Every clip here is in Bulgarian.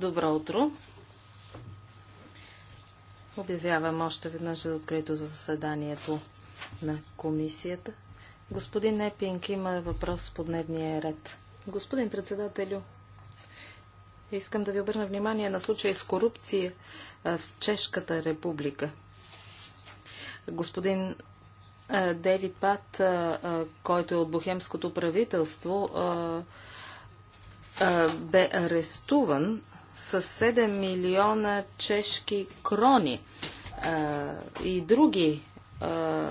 Добро утро! Обявявам още веднъж за открито за заседанието на комисията. Господин Непинг има въпрос по дневния ред. Господин председателю, искам да ви обърна внимание на случай с корупция в Чешката република. Господин Дейвид Пат, който е от бухемското правителство, бе арестуван с 7 милиона чешки крони а, и други а,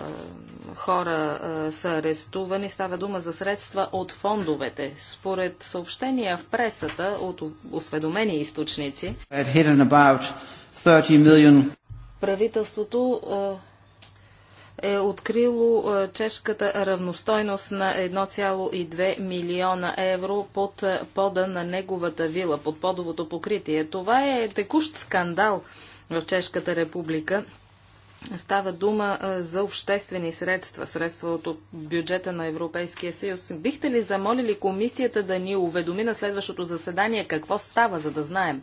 хора а, са арестувани. Става дума за средства от фондовете. Според съобщения в пресата от осведомени източници, правителството е открило е, чешката равностойност на 1,2 милиона евро под е, пода на неговата вила, под подовото покритие. Това е текущ скандал в Чешката република. Става дума е, за обществени средства, средства от бюджета на Европейския съюз. Бихте ли замолили комисията да ни уведоми на следващото заседание какво става, за да знаем?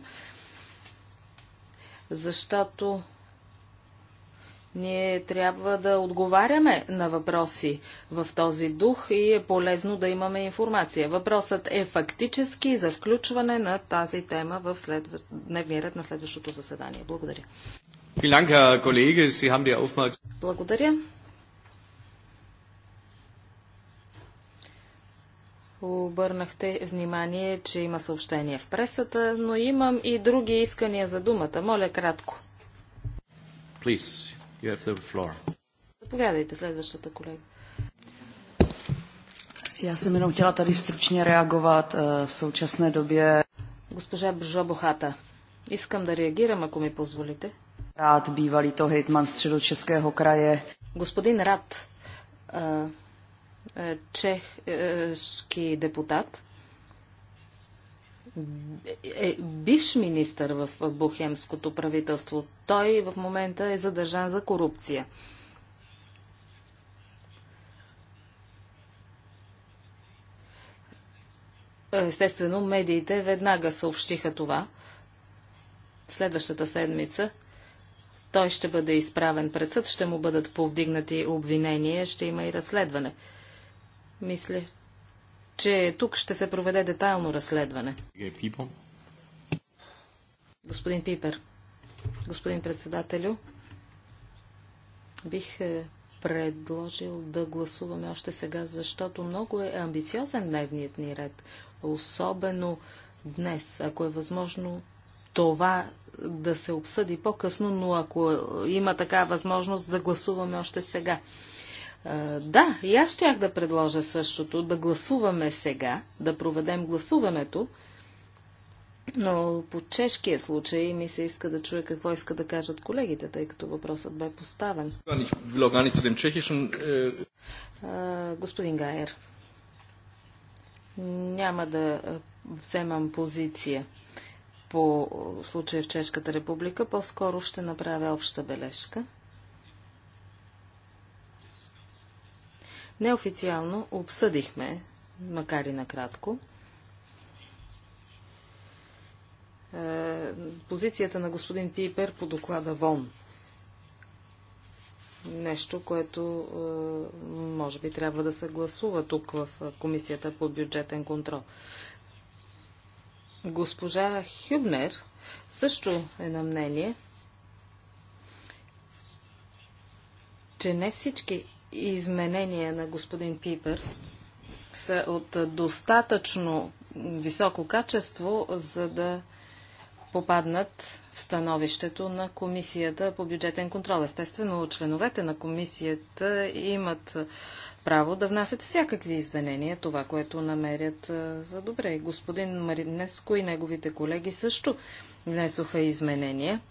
Защото ние трябва да отговаряме на въпроси в този дух и е полезно да имаме информация. Въпросът е фактически за включване на тази тема в дневния ред на следващото заседание. Благодаря. Благодаря. Обърнахте внимание, че има съобщение в пресата, но имам и други искания за думата. Моля кратко. Please. You have the floor. Заповядайте следващата колега. Я съм едно хотела тази stručně реагуват в съучасне добие. Госпожа Бржо Бжобохата, искам да реагирам, ако ми позволите. Рад, bývalý to hejtman Středočeského края. Господин Рад, е, чешки е, депутат, е, е бивш министър в Бухемското правителство. Той в момента е задържан за корупция. Естествено, медиите веднага съобщиха това. Следващата седмица той ще бъде изправен пред съд, ще му бъдат повдигнати обвинения, ще има и разследване. Мисля, че тук ще се проведе детайлно разследване. Е, господин Пипер, господин председателю, бих е, предложил да гласуваме още сега, защото много е амбициозен дневният ни ред, особено днес, ако е възможно това да се обсъди по-късно, но ако има така възможност да гласуваме още сега. Да, и аз щях да предложа същото, да гласуваме сега, да проведем гласуването, но по чешкия случай ми се иска да чуя какво иска да кажат колегите, тъй като въпросът бе поставен. Господин Гайер, няма да вземам позиция по случая в Чешката република, по-скоро ще направя обща бележка. Неофициално обсъдихме, макар и накратко, е, позицията на господин Пипер по доклада ВОН. Нещо, което е, може би трябва да се гласува тук в Комисията по бюджетен контрол. Госпожа Хюбнер също е на мнение, че не всички изменения на господин Пипер са от достатъчно високо качество, за да попаднат в становището на Комисията по бюджетен контрол. Естествено, членовете на Комисията имат право да внасят всякакви изменения, това, което намерят за добре. Господин Маринеско и неговите колеги също внесоха изменения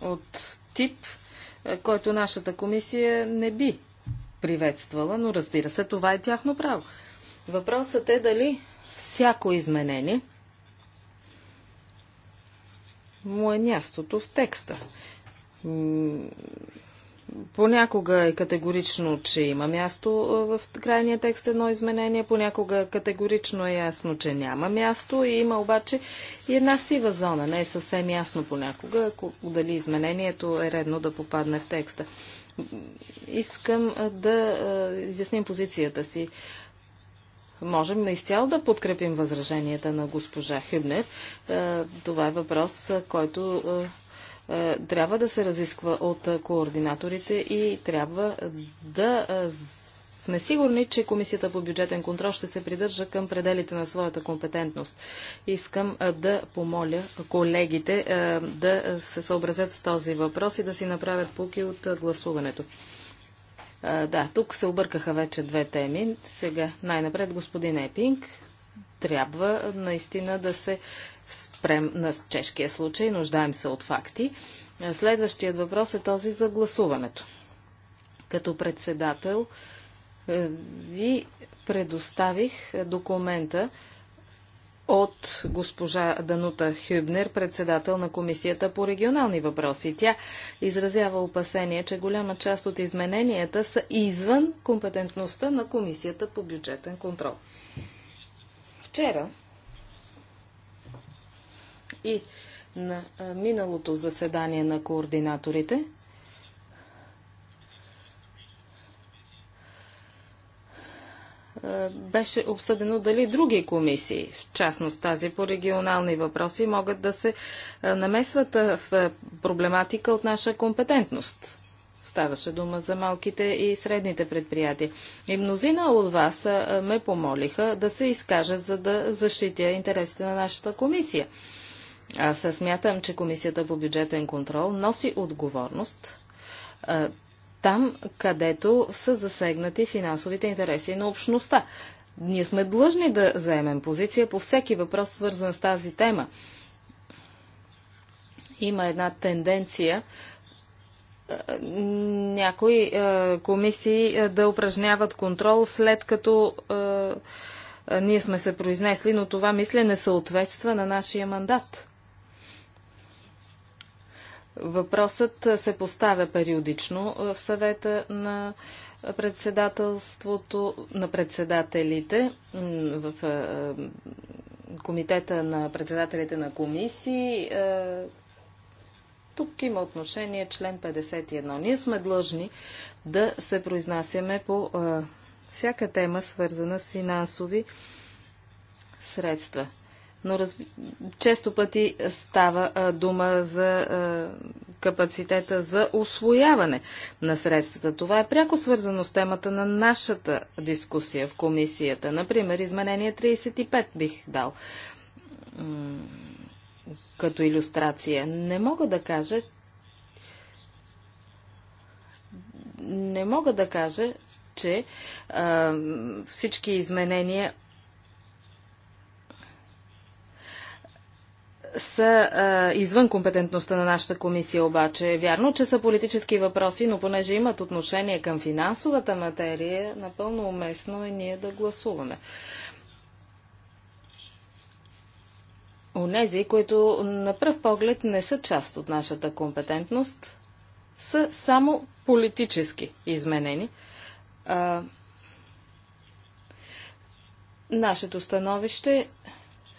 от тип е, който нашата комисия не би приветствала, но разбира се, това е тяхно право. Въпросът е дали всяко изменение му е мястото в текста. Понякога е категорично, че има място в крайния текст едно изменение, понякога категорично е ясно, че няма място и има обаче и една сива зона. Не е съвсем ясно понякога, ако, дали изменението е редно да попадне в текста. Искам да изясним позицията си. Можем наистина да подкрепим възраженията на госпожа Хюбнер. Това е въпрос, който е, трябва да се разисква от е, координаторите и трябва да е, сме сигурни, че Комисията по бюджетен контрол ще се придържа към пределите на своята компетентност. Искам да помоля колегите да се съобразят с този въпрос и да си направят пуки от гласуването. Да, тук се объркаха вече две теми. Сега най-напред господин Епинг трябва наистина да се спрем на чешкия случай, нуждаем се от факти. Следващият въпрос е този за гласуването. Като председател е, ви предоставих документа от госпожа Данута Хюбнер, председател на Комисията по регионални въпроси. Тя изразява опасение, че голяма част от измененията са извън компетентността на Комисията по бюджетен контрол. Вчера и на миналото заседание на координаторите. Беше обсъдено дали други комисии, в частност тази по регионални въпроси, могат да се намесват в проблематика от наша компетентност. Ставаше дума за малките и средните предприятия. И мнозина от вас ме помолиха да се изкажат, за да защитя интересите на нашата комисия. Аз смятам, че Комисията по бюджетен контрол носи отговорност а, там, където са засегнати финансовите интереси на общността. Ние сме длъжни да заемем позиция по всеки въпрос, свързан с тази тема. Има една тенденция някои е, комисии е, да упражняват контрол след като е, ние сме се произнесли, но това мисля не съответства на нашия мандат. Въпросът се поставя периодично в съвета на председателството на председателите в комитета на председателите на комисии. Тук има отношение член 51. Ние сме длъжни да се произнасяме по всяка тема, свързана с финансови средства но раз... често пъти става а, дума за а, капацитета за освояване на средствата. Това е пряко свързано с темата на нашата дискусия в комисията. Например, изменение 35 бих дал М като иллюстрация. Не мога да кажа, не мога да кажа, че а, всички изменения са а, извън компетентността на нашата комисия обаче. Е вярно, че са политически въпроси, но понеже имат отношение към финансовата материя, напълно уместно е ние да гласуваме. Онези, които на пръв поглед не са част от нашата компетентност, са само политически изменени. А, нашето становище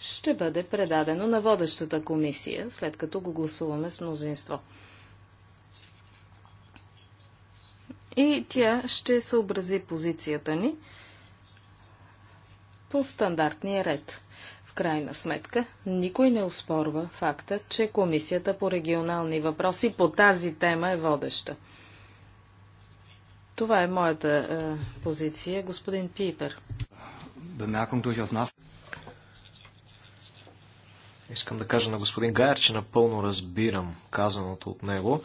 ще бъде предадено на водещата комисия, след като го гласуваме с мнозинство. И тя ще съобрази позицията ни по стандартния ред. В крайна сметка, никой не успорва факта, че Комисията по регионални въпроси по тази тема е водеща. Това е моята е, позиция, господин Пипер. Искам да кажа на господин Гайер, че напълно разбирам казаното от него.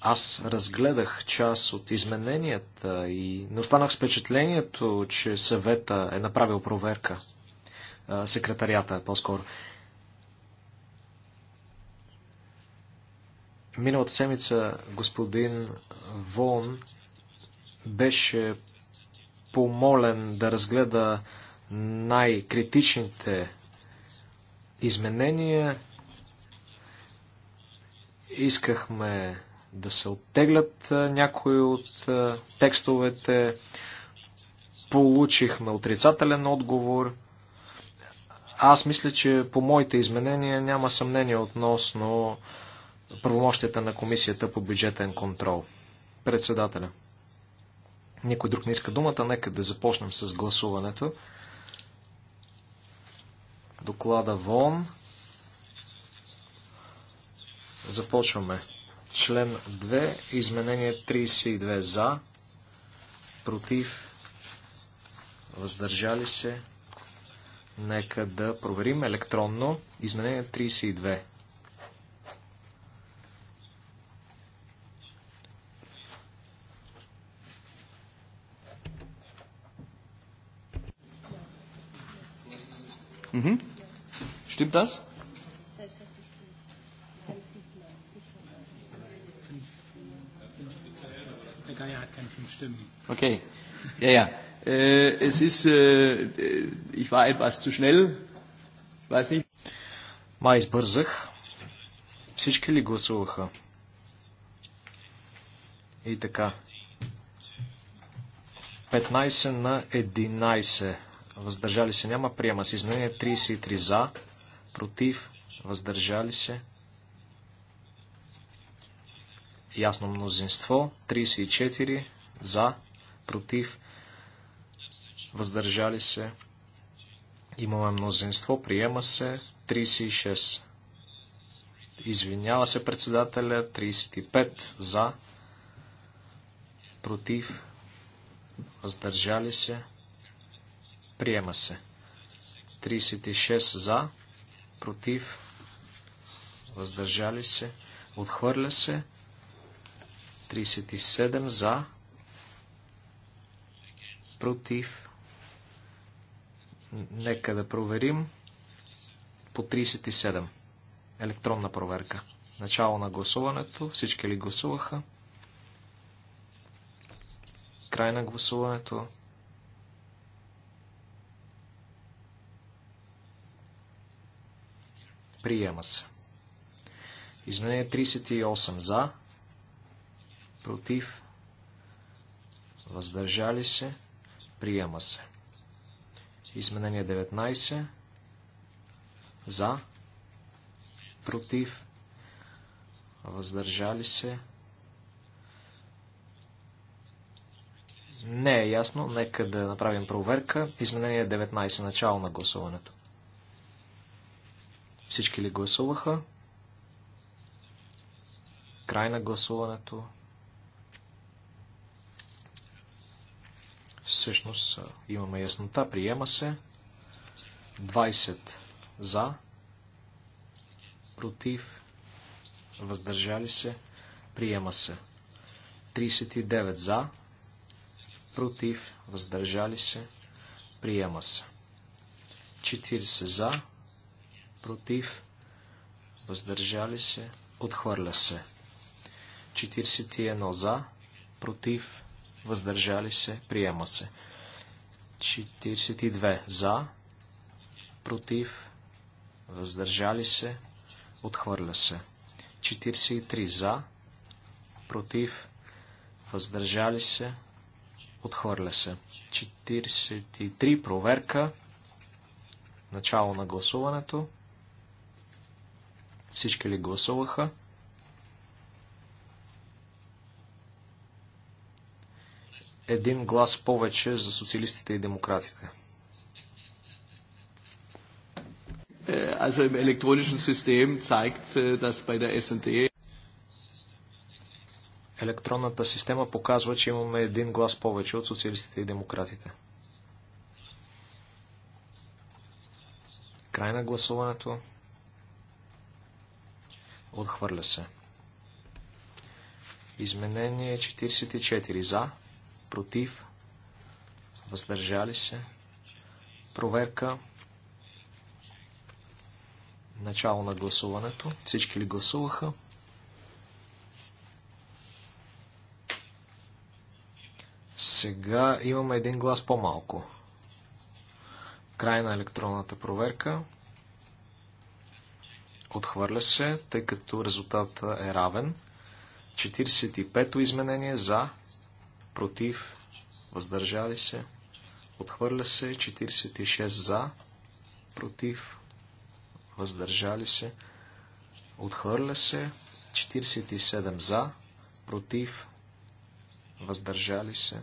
Аз разгледах част от измененията и не останах с впечатлението, че съвета е направил проверка. Секретарията е по-скоро. Миналата седмица господин Вон беше помолен да разгледа най-критичните изменения. Искахме да се оттеглят някои от текстовете. Получихме отрицателен отговор. Аз мисля, че по моите изменения няма съмнение относно правомощията на Комисията по бюджетен контрол. Председателя. Никой друг не иска думата. Нека да започнем с гласуването доклада ВОН. Започваме. Член 2, изменение 32 за, против, въздържали се. Нека да проверим електронно. Изменение 32. Mhm. Stimmt das? Der Geier hat keine fünf Stimmen. Okay. Ja, ja. Äh, es ist, äh, ich war etwas zu schnell. Ich weiß nicht. Mais избързах. Всички ли гласуваха? И така. 15 на 11 въздържали се, няма, приема се. Изменение 33 за, против, въздържали се. Ясно мнозинство. 34 за, против, въздържали се. Имаме мнозинство, приема се. 36. Извинява се председателя. 35 за, против, въздържали се. Приема се. 36 за, против, въздържали се, отхвърля се. 37 за, против. Нека да проверим. По 37. Електронна проверка. Начало на гласуването. Всички ли гласуваха? Край на гласуването. Приема се. Изменение 38 за. Против. Въздържали се. Приема се. Изменение 19. За. Против. Въздържали се. Не е ясно. Нека да направим проверка. Изменение 19. Начало на гласуването. Всички ли гласуваха? Край на гласуването. Всъщност имаме яснота. Приема се. 20 за, против, въздържали се, приема се. 39 за, против, въздържали се, приема се. 40 за, против, въздържали се, отхвърля се. 41 за, против, въздържали се, приема се. 42 за, против, въздържали се, отхвърля се. 43 за, против, въздържали се, отхвърля се. 43 проверка, начало на гласуването. Всички ли гласуваха? Един глас повече за социалистите и демократите. Е, also im elektronischen System zeigt, е, dass bei der електронната система показва, че имаме един глас повече от социалистите и демократите. Край на гласуването. Отхвърля се. Изменение 44. За. Против. Въздържали се. Проверка. Начало на гласуването. Всички ли гласуваха? Сега имаме един глас по-малко. Край на електронната проверка. Отхвърля се, тъй като резултата е равен. 45-то изменение за, против, въздържали се. Отхвърля се 46 за, против, въздържали се. Отхвърля се 47 за, против, въздържали се.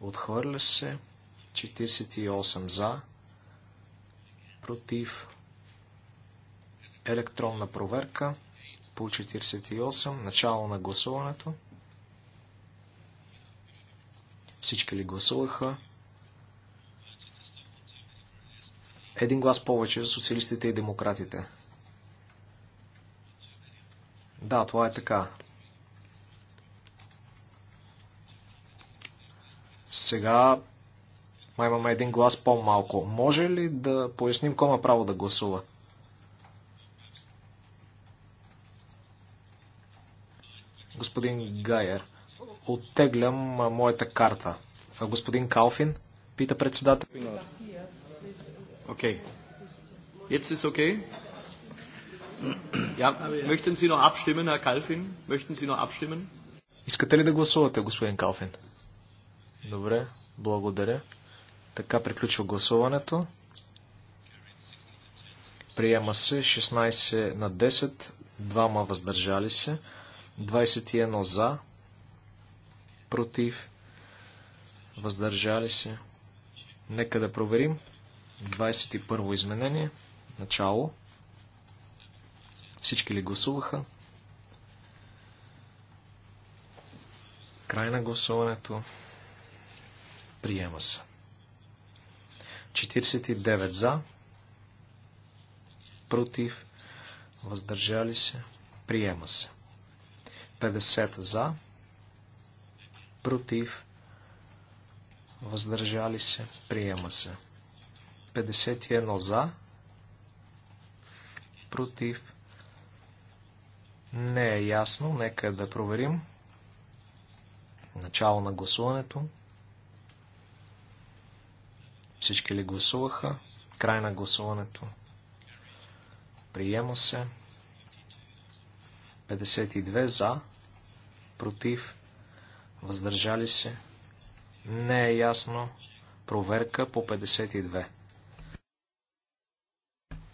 Отхвърля се 48 за, против, Електронна проверка по 48. Начало на гласуването. Всички ли гласуваха? Един глас повече за социалистите и демократите. Да, това е така. Сега май имаме един глас по-малко. Може ли да поясним кой има право да гласува? Господин Гайер, оттеглям моята карта. Господин Калфин, пита председател. Окей. Jetzt ist okay? Ja, möchten Sie noch abstimmen, Herr Kalfin? Möchten Sie noch abstimmen? Искате ли да гласувате, господин Калфин? Добре, благодаря. Така приключва гласуването. Приема се 16 на 10, двама въздържали се. 21 за, против, въздържали се. Нека да проверим. 21 изменение, начало. Всички ли гласуваха? Край на гласуването. Приема се. 49 за, против, въздържали се, приема се. 50 за, против, въздържали се, приема се. 51 за, против, не е ясно, нека да проверим. Начало на гласуването. Всички ли гласуваха? Край на гласуването. Приема се. 52 за против, въздържали се. Не е ясно. Проверка по 52.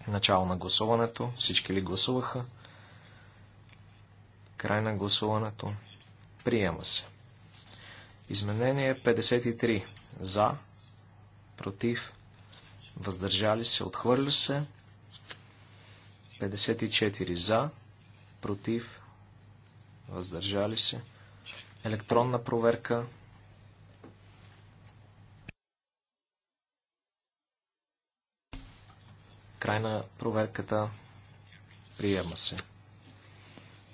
Начало на гласуването. Всички ли гласуваха? Край на гласуването. Приема се. Изменение 53. За, против, въздържали се, отхвърля се. 54. За, против, въздържали се, електронна проверка. Край на проверката приема се.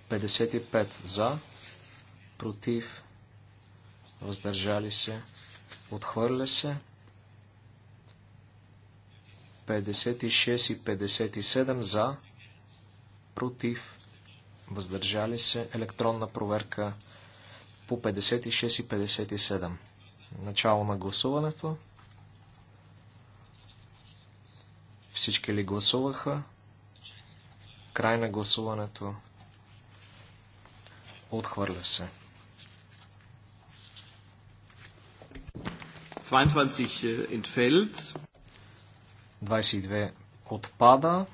55 за, против, въздържали се, отхвърля се. 56 и 57 за, против, въздържали се, електронна проверка по 56 и 57. Начало на гласуването. Всички ли гласуваха? Край на гласуването. Отхвърля се. 22 е, entfällt. 22 отпада.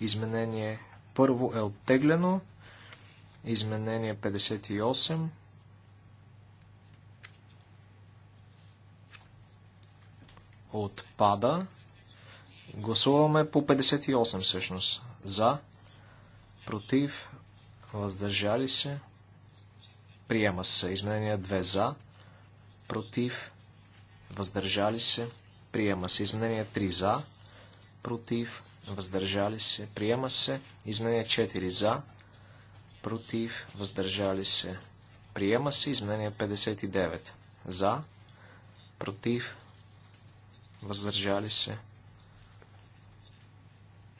Изменение първо е оттеглено. Изменение 58. Отпада. Гласуваме по 58 всъщност. За, против, въздържали се. Приема се. Изменение 2 за, против, въздържали се. Приема се. Изменение 3 за, против, въздържали се, приема се. Изменение 4 за, против, въздържали се, приема се. Изменение 59 за, против, въздържали се.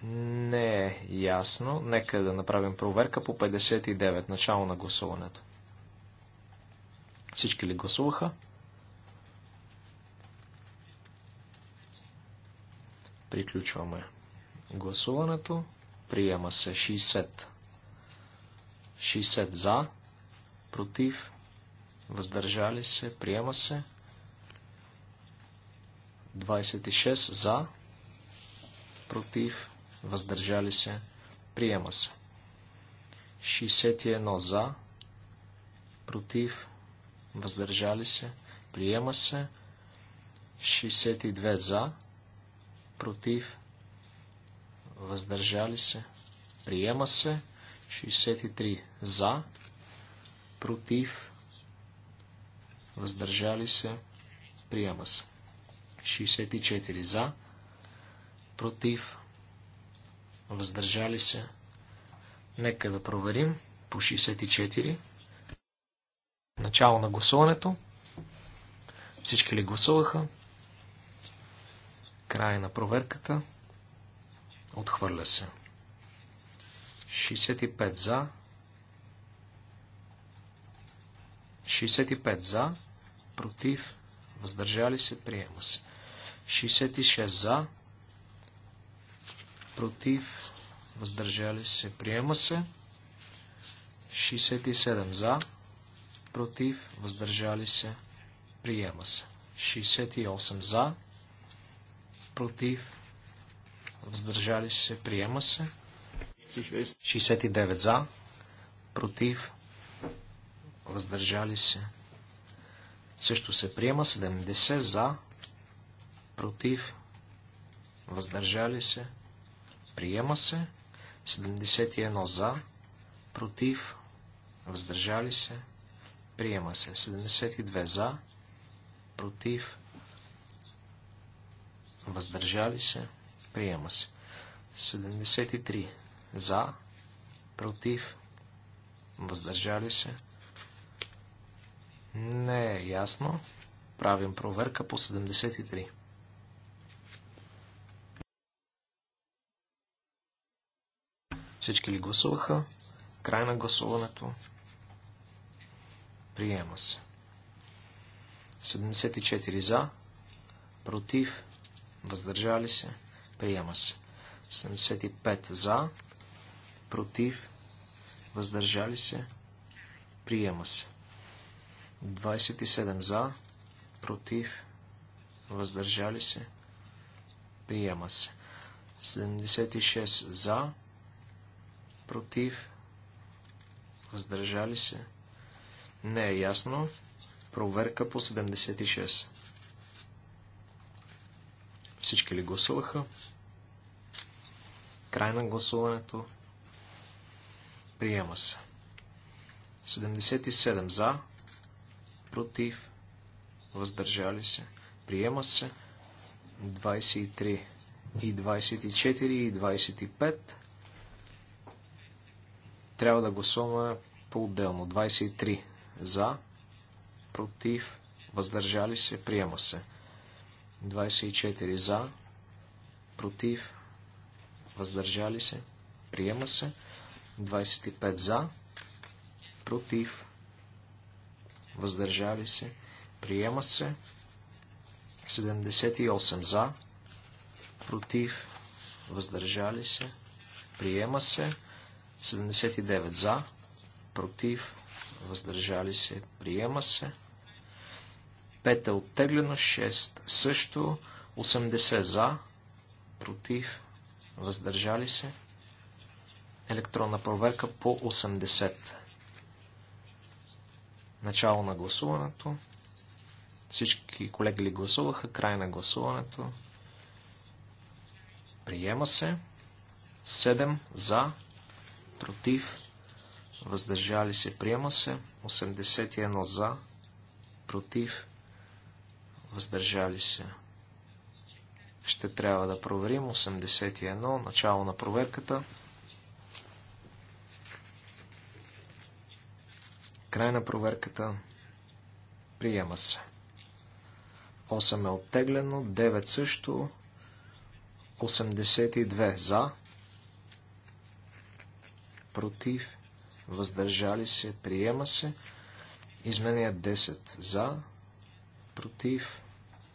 Не е ясно. Нека да направим проверка по 59, начало на гласуването. Всички ли гласуваха? Приключваме гласуването. Приема се 60. 60 за, против, въздържали се, приема се. 26 за, против, въздържали се, приема се. 61 за, против, въздържали се, приема се. 62 за, против, въздържали се, приема се, 63 за, против, въздържали се, приема се, 64 за, против, въздържали се, нека да проверим по 64, начало на гласуването, всички ли гласуваха, края на проверката, Отхвърля се. 65 за. 65 за. Против. Въздържали се. Приема се. 66 за. Против. Въздържали се. Приема се. 67 за. Против. Въздържали се. Приема се. 68 за. Против въздържали се, приема се. 69 за, против, въздържали се. Също се приема 70 за, против, въздържали се, приема се. 71 за, против, въздържали се, приема се. 72 за, против, въздържали се. Приема се. 73. За. Против. Въздържали се. Не е ясно. Правим проверка по 73. Всички ли гласуваха? Край на гласуването. Приема се. 74 за, против, въздържали се. Приема се. 75 за, против, въздържали се, приема се. 27 за, против, въздържали се, приема се. 76 за, против, въздържали се. Не е ясно. Проверка по 76. Всички ли гласуваха? Край на гласуването. Приема се. 77 за, против, въздържали се. Приема се. 23 и 24 и 25. Трябва да гласуваме по-отделно. 23 за, против, въздържали се, приема се. 24 за, против, въздържали се, приема се. 25 за, против, въздържали се, приема се. 78 за, против, въздържали се, приема се. 79 за, против, въздържали се, приема се. 5 е оттеглено, 6 също, 80 за, против, въздържали се, електронна проверка по 80. Начало на гласуването. Всички колеги ли гласуваха? Край на гласуването. Приема се. 7 за, против, въздържали се, приема се. 81 за, против, въздържали се, ще трябва да проверим 81, начало на проверката. Край на проверката. Приема се. 8 е оттеглено, 9 също, 82 за, против, въздържали се, приема се. Изменя 10 за, против,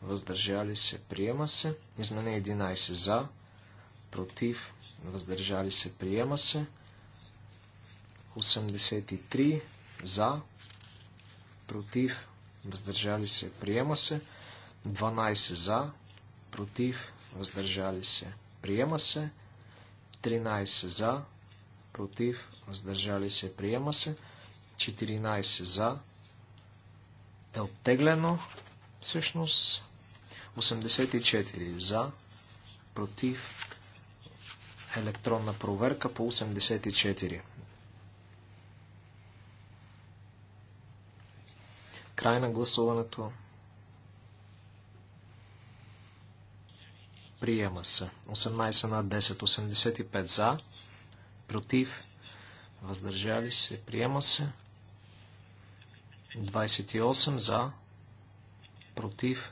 въздържали се, приема се. Измене 11 за, против, въздържали се, приема се. 83 за, против, въздържали се, приема се. 12 за, против, въздържали се, приема се. 13 за, против, въздържали се, приема се. 14 за, е оттеглено, всъщност 84 за, против, електронна проверка по 84. Край на гласуването. Приема се. 18 на 10. 85 за. Против. Въздържали се. Приема се. 28 за. Против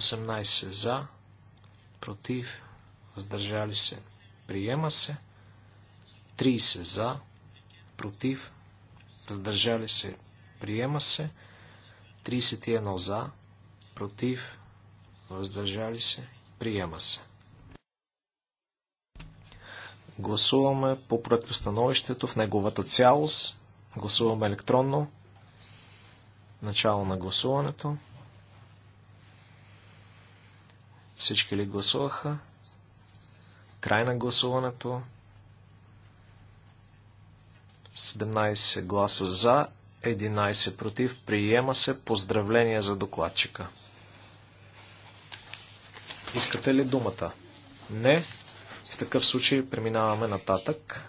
18 за, против, въздържали се, приема се. 30 за, против, въздържали се, приема се. 31 за, против, въздържали се, приема се. Гласуваме по проектостановището в неговата цялост. Гласуваме електронно. Начало на гласуването. Всички ли гласуваха? Край на гласуването. 17 гласа за, 11 против. Приема се поздравление за докладчика. Искате ли думата? Не. В такъв случай преминаваме нататък.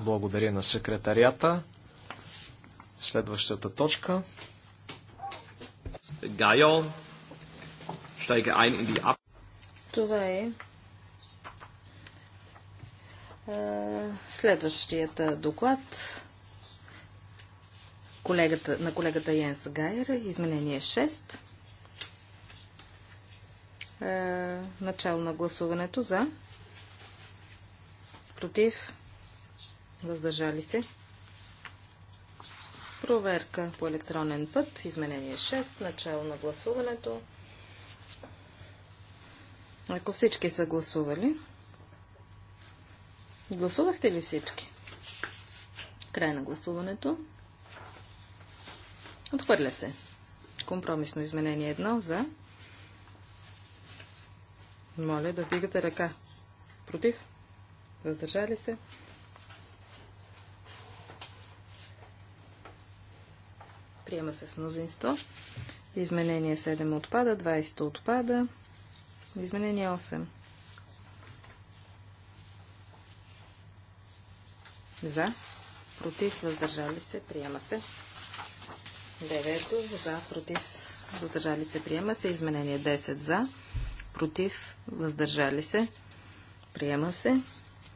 Благодаря на секретарията. Следващата точка. Гайон steige ein in die Ab. Това е следващият доклад колегата, на колегата Йенс Гайер, изменение 6. Начало на гласуването за. Против. Въздържали се. Проверка по електронен път. Изменение 6. Начало на гласуването. Ако всички са гласували. Гласувахте ли всички? Край на гласуването. Отхвърля се. Компромисно изменение едно за. Моля да вдигате ръка. Против? Въздържали се? Приема се с мнозинство. Изменение 7 отпада, 20 отпада. Изменение 8. За. Против. Въздържали се. Приема се. 9. За. Против. Въздържали се. Приема се. Изменение 10. За. Против. Въздържали се. Приема се.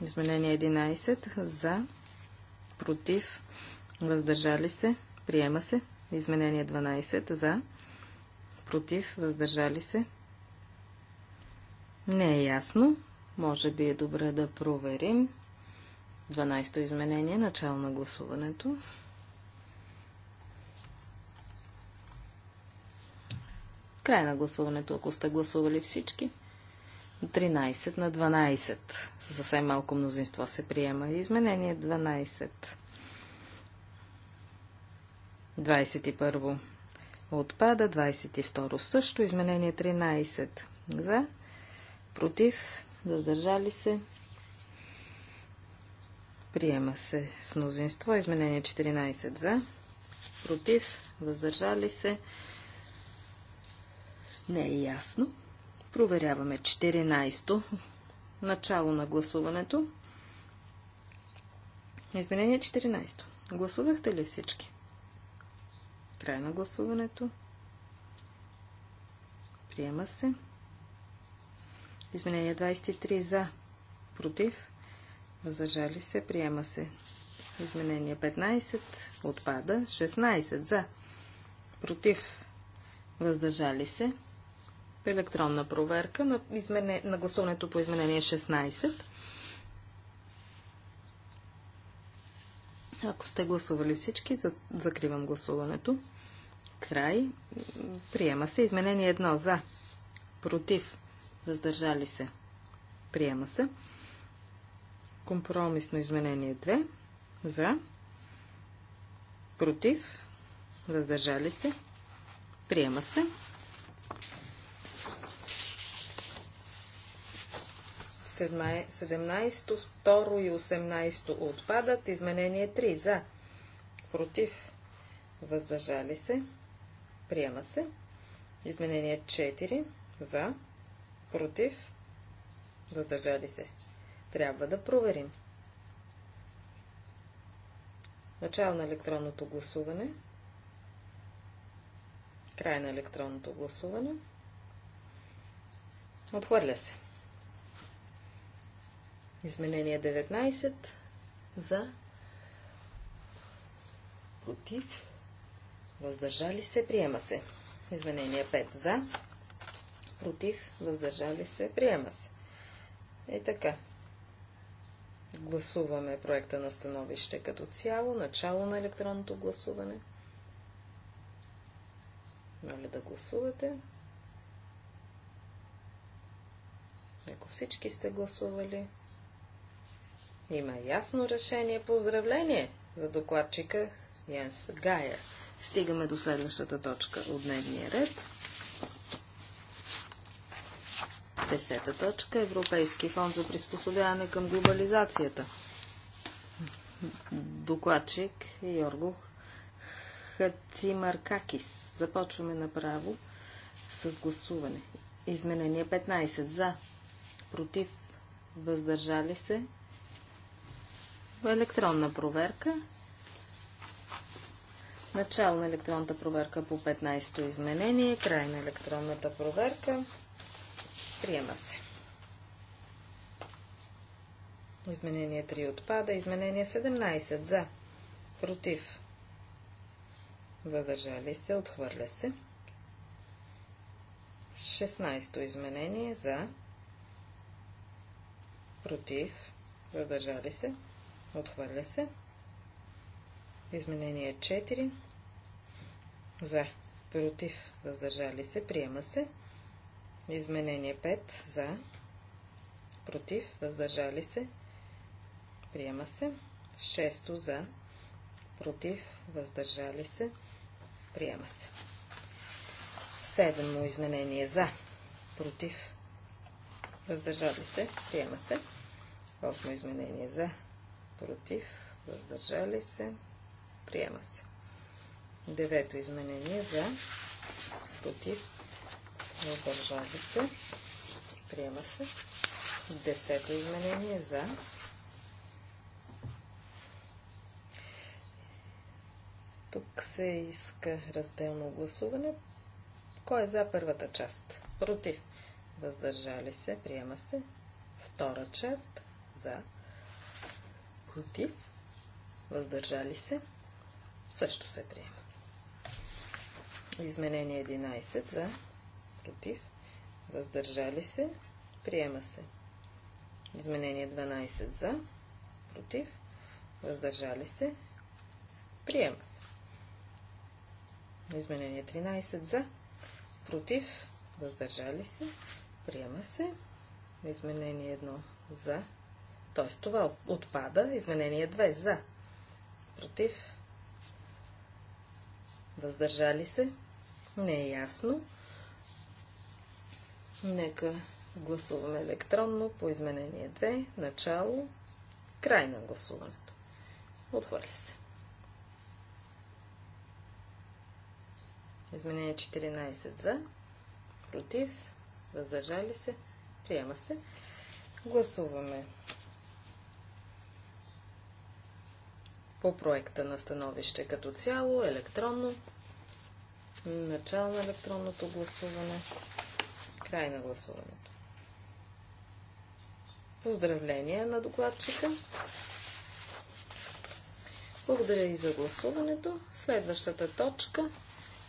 Изменение 11. За. Против. Въздържали се. Приема се. Изменение 12. За. Против. Въздържали се. Не е ясно. Може би е добре да проверим. 12-то изменение, начало на гласуването. Край на гласуването, ако сте гласували всички. 13 на 12. Съвсем малко мнозинство се приема. Изменение 12. 21. Отпада 22. Също изменение 13. За против, въздържали се. Приема се с мнозинство. Изменение 14 за, против, въздържали се. Не е ясно. Проверяваме 14-то. Начало на гласуването. Изменение 14. то Гласувахте ли всички? Край на гласуването. Приема се. Изменение 23 за, против, въздържали се, приема се. Изменение 15 отпада. 16 за, против, въздържали се. Електронна проверка на, измене... на гласуването по изменение 16. Ако сте гласували всички, закривам гласуването. Край. Приема се изменение 1 за, против, въздържали се, приема се. Компромисно изменение 2, за, против, въздържали се, приема се. Седма... 17, е- 2 и 18 отпадат. Изменение 3 за, против, въздържали се, приема се. Изменение 4 за, Против? Въздържали се. Трябва да проверим. Начало на електронното гласуване. Край на електронното гласуване. Отхвърля се. Изменение 19 за против въздържали се, приема се. Изменение 5 за против, въздържали се, приема се. И така. Гласуваме проекта на становище като цяло, начало на електронното гласуване. Моля да гласувате. Ако всички сте гласували, има ясно решение. Поздравление за докладчика Янс Гая. Стигаме до следващата точка от дневния ред. Десета точка – Европейски фонд за приспособяване към глобализацията. Докладчик е Йорго Хацимаркакис. Започваме направо с гласуване. Изменение 15. За. Против. Въздържали се. Електронна проверка. Начало на електронната проверка по 15-то изменение. Край на електронната проверка. Приема се. Изменение 3 отпада. Изменение 17 за. Против. Въздържали се. Отхвърля се. 16 изменение за. Против. Въздържали се. Отхвърля се. Изменение 4. За. Против. Въздържали се. Приема се. Изменение 5 за, против, въздържали се, приема се. 6 за, против, въздържали се, приема се. Седмо изменение за, против, въздържали се, приема се. Осмо изменение за, против, въздържали се, приема се. Девето изменение за, против, в държавите. приема се. Десето изменение за, Тук се иска разделно гласуване. Кой е за първата част? Против. Въздържали се. Приема се. Втора част. За. Против. Въздържали се. Също се приема. Изменение 11 за против, въздържали се, приема се. Изменение 12 за, против, въздържали се, приема се. Изменение 13 за, против, въздържали се, приема се. Изменение 1 за, т.е. това отпада. Изменение 2 за, против, въздържали се, не е ясно. Нека гласуваме електронно по изменение 2, начало, край на гласуването. Отхвърля се. Изменение 14 за, против, въздържали се, приема се. Гласуваме по проекта на становище като цяло, електронно, начало на електронното гласуване. Край на гласуването. Поздравления на докладчика. Благодаря и за гласуването. Следващата точка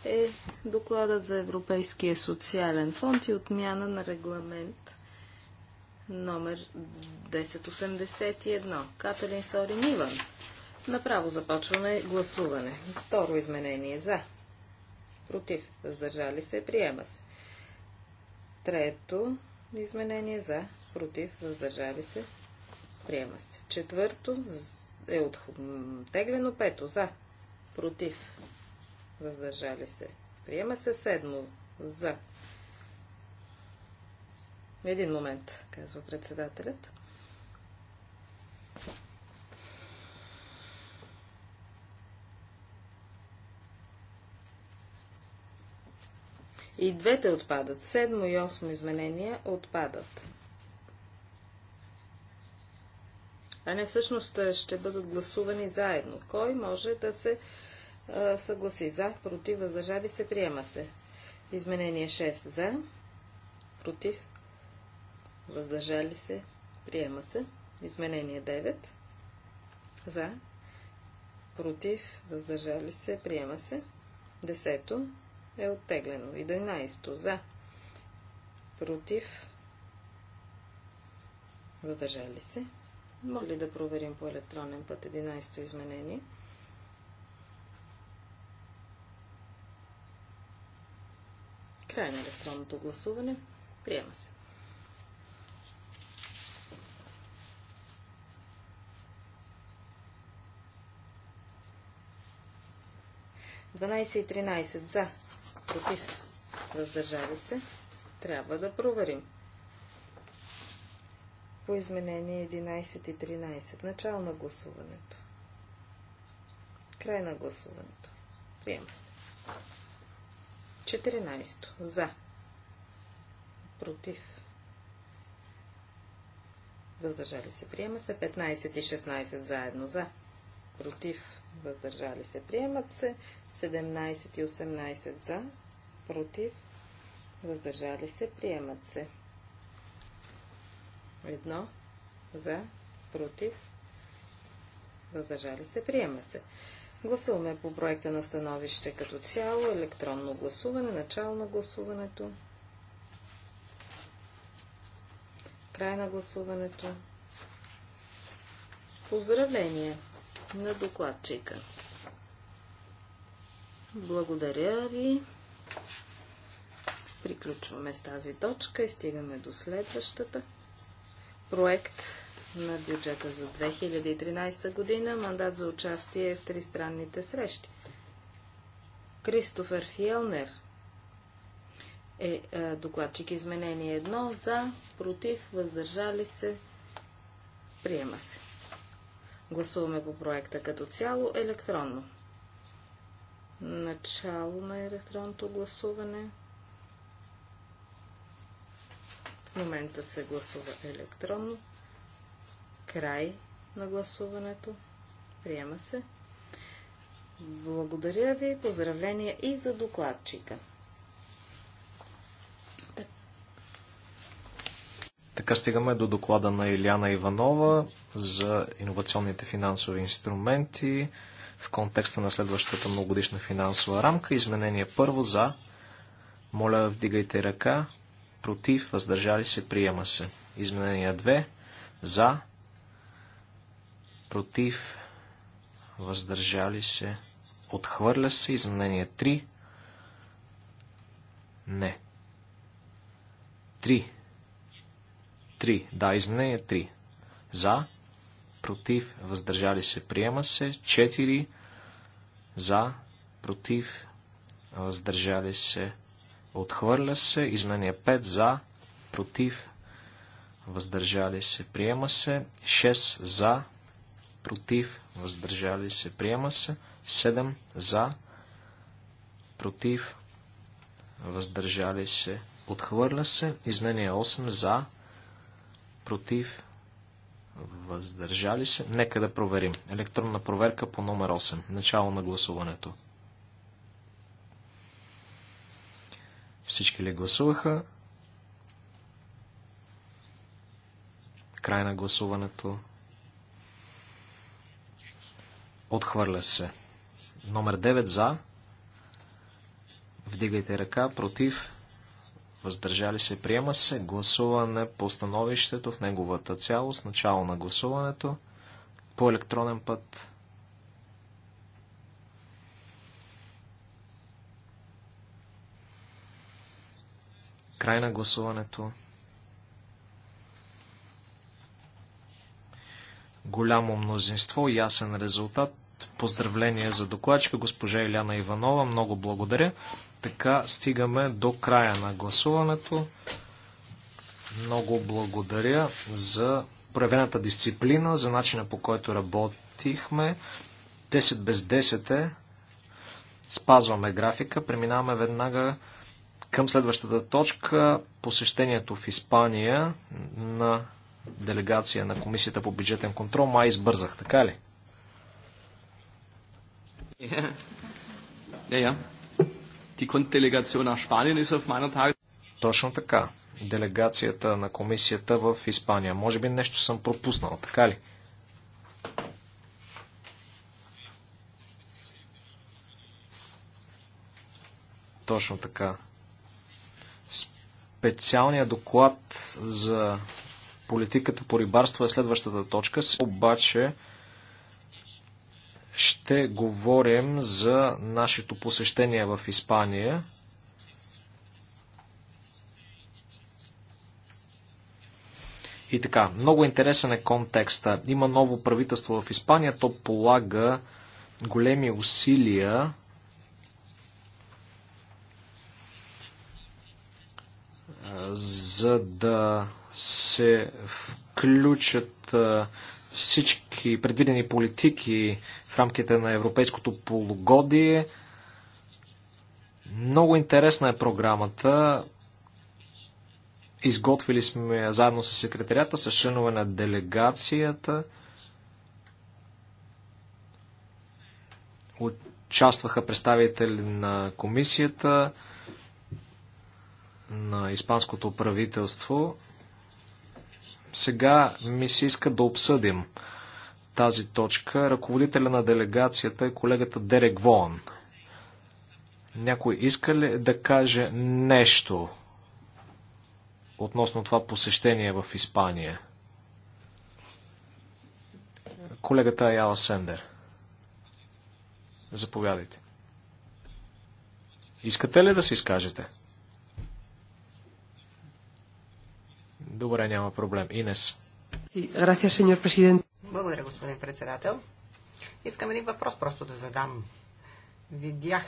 е докладът за Европейския социален фонд и отмяна на регламент номер 1081. Каталин Сорин Иван. Направо започваме гласуване. Второ изменение за. Против. Въздържали се. Приема се. Трето изменение за, против, въздържали се, приема се. Четвърто е оттеглено. Пето за, против, въздържали се, приема се. Седмо за. Един момент, казва председателят. И двете отпадат. Седмо и осмо изменения отпадат. А не всъщност е, ще бъдат гласувани заедно. Кой може да се а, съгласи за, против, въздържали се, приема се. Изменение 6 за, против, въздържали се, приема се. Изменение 9 за, против, въздържали се, приема се. Десето е оттеглено. 11 за, против, въздържали се. Може ли да проверим по електронен път 11-то изменение? Край на електронното гласуване. Приема се. Дванайсет и тринайсет за, против, въздържали се, трябва да проверим. По изменение 11 и 13. Начало на гласуването. Край на гласуването. Приема се. 14. За. Против. Въздържали се. Приема се. 15 и 16 заедно. За. Против. Въздържали се. Приемат се. 17 и 18 за против, въздържали се, приемат се. Едно за, против, въздържали се, приема се. Гласуваме по проекта на становище като цяло, електронно гласуване, начало на гласуването, край на гласуването. Поздравление на докладчика. Благодаря ви. Приключваме с тази точка и стигаме до следващата. Проект на бюджета за 2013 година, мандат за участие е в тристранните срещи. Кристофер Фиелнер е, е докладчик изменение 1 за, против, въздържали се, приема се. Гласуваме по проекта като цяло електронно. Начало на електронното гласуване. В момента се гласува електронно. Край на гласуването. Приема се. Благодаря ви. Поздравления и за докладчика. Така стигаме до доклада на Иляна Иванова за иновационните финансови инструменти в контекста на следващата многогодишна финансова рамка. Изменение първо за. Моля, вдигайте ръка против, въздържали се, приема се. Изменение 2, за, против, въздържали се, отхвърля се. Изменение 3, не. 3. 3. Да, изменение 3. За, против, въздържали се, приема се. 4. За, против, въздържали се, Отхвърля се. изменя 5 за. Против. Въздържали се. Приема се. 6 за. Против. Въздържали се. Приема се. 7 за. Против. Въздържали се. Отхвърля се. изменя 8 за. Против. Въздържали се. Нека да проверим. Електронна проверка по номер 8. Начало на гласуването. Всички ли гласуваха? Край на гласуването. Отхвърля се. Номер 9 за. Вдигайте ръка. Против. Въздържали се. Приема се. Гласуване по становището в неговата цялост. Начало на гласуването. По електронен път. Край на гласуването. Голямо мнозинство, ясен резултат. Поздравление за докладчика, госпожа Иляна Иванова. Много благодаря. Така стигаме до края на гласуването. Много благодаря за проявената дисциплина, за начина по който работихме. 10 без 10 е. Спазваме графика. Преминаваме веднага към следващата точка посещението в Испания на делегация на Комисията по бюджетен контрол. Май избързах, така ли? Точно така. Делегацията на комисията в Испания. Може би нещо съм пропуснал, така ли? Точно така специалния доклад за политиката по рибарство е следващата точка. Обаче ще говорим за нашето посещение в Испания. И така, много интересен е контекста. Има ново правителство в Испания, то полага големи усилия за да се включат всички предвидени политики в рамките на европейското полугодие. Много интересна е програмата. Изготвили сме заедно с секретарята, с членове на делегацията. Участваха представители на комисията, на испанското правителство. Сега ми се иска да обсъдим тази точка. Ръководителя на делегацията е колегата Дерек Вон. Някой иска ли да каже нещо относно това посещение в Испания? Колегата Аяла Сендер. Заповядайте. Искате ли да се изкажете? Добре, няма проблем. Инес. Благодаря, господин председател. Искам един въпрос просто да задам. Видях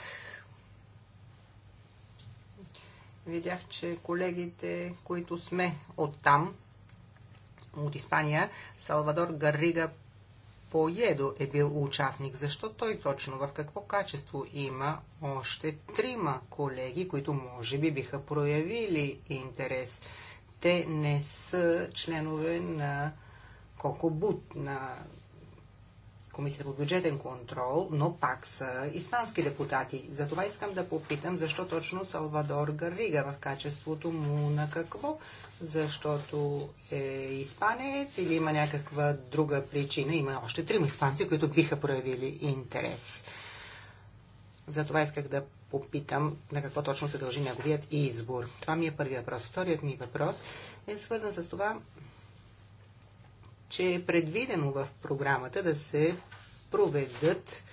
видях, че колегите, които сме от там, от Испания, Салвадор Гаррига Поедо е бил участник. Защо той точно? В какво качество има още трима колеги, които може би биха проявили интерес? те не са членове на Кокобут, на Комисия по бюджетен контрол, но пак са испански депутати. Затова искам да попитам, защо точно Салвадор Гарига в качеството му на какво? Защото е испанец или има някаква друга причина? Има още трима испанци, които биха проявили интерес. Затова исках да попитам на какво точно се дължи неговият избор. Това ми е първият въпрос. Вторият ми въпрос е свързан с това, че е предвидено в програмата да се проведат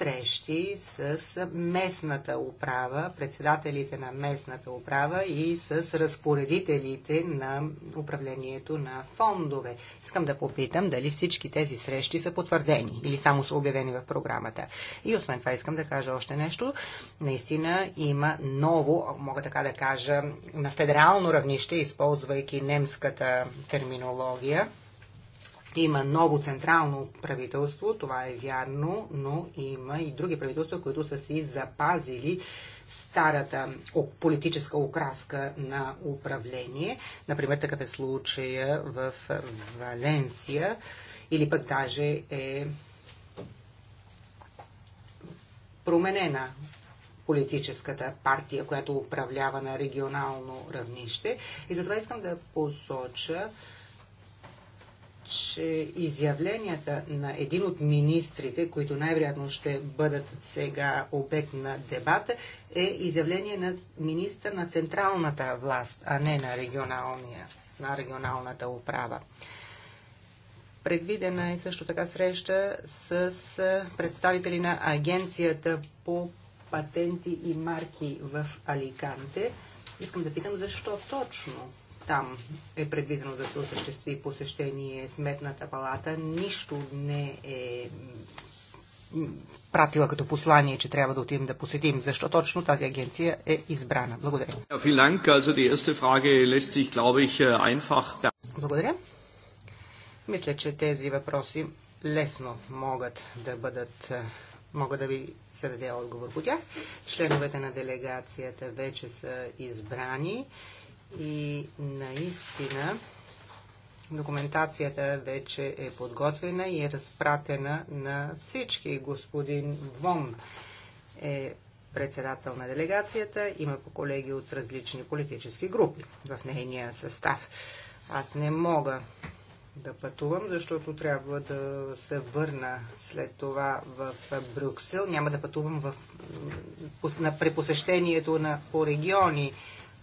срещи с местната управа, председателите на местната управа и с разпоредителите на управлението на фондове. Искам да попитам дали всички тези срещи са потвърдени или само са обявени в програмата. И освен това искам да кажа още нещо. Наистина има ново, мога така да кажа, на федерално равнище, използвайки немската терминология, има ново централно правителство, това е вярно, но има и други правителства, които са си запазили старата политическа окраска на управление. Например, такъв е случая в Валенсия или пък даже е променена политическата партия, която управлява на регионално равнище. И затова искам да посоча, че изявленията на един от министрите, които най-вероятно ще бъдат сега обект на дебата, е изявление на министър на централната власт, а не на, регионалния, на регионалната управа. Предвидена е също така среща с представители на Агенцията по патенти и марки в Аликанте. Искам да питам защо точно там е предвидено да се осъществи посещение Сметната палата. Нищо не е пратила като послание, че трябва да отидем да посетим, защо точно тази агенция е избрана. Благодаря. Äh, Благодаря. Мисля, че тези въпроси лесно могат да бъдат е, мога да ви се даде отговор по тях. Членовете на делегацията вече са избрани. И наистина документацията вече е подготвена и е разпратена на всички. Господин Вон е председател на делегацията, има по колеги от различни политически групи в нейния състав. Аз не мога да пътувам, защото трябва да се върна след това в Брюксел. Няма да пътувам в, на препосещението на, по региони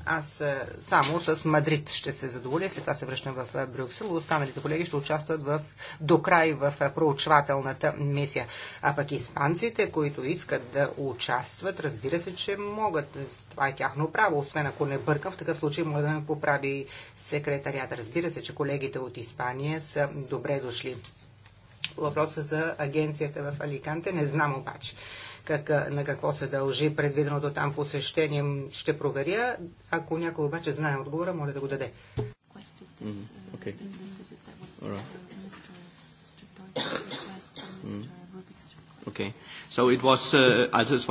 аз е, само с Мадрид ще се задоволя, след това се връщам в е, Брюксел. Останалите колеги ще участват в, до край в е, проучвателната мисия. А пък испанците, които искат да участват, разбира се, че могат. Това е тяхно право, освен ако не бъркам. В такъв случай може да ме поправи секретарията. Разбира се, че колегите от Испания са добре дошли Въпросът за агенцията в Аликанте. Не знам обаче как, на какво се дължи предвиденото там посещение. Ще проверя. Ако някой обаче знае отговора, моля да го даде. Uh, äh,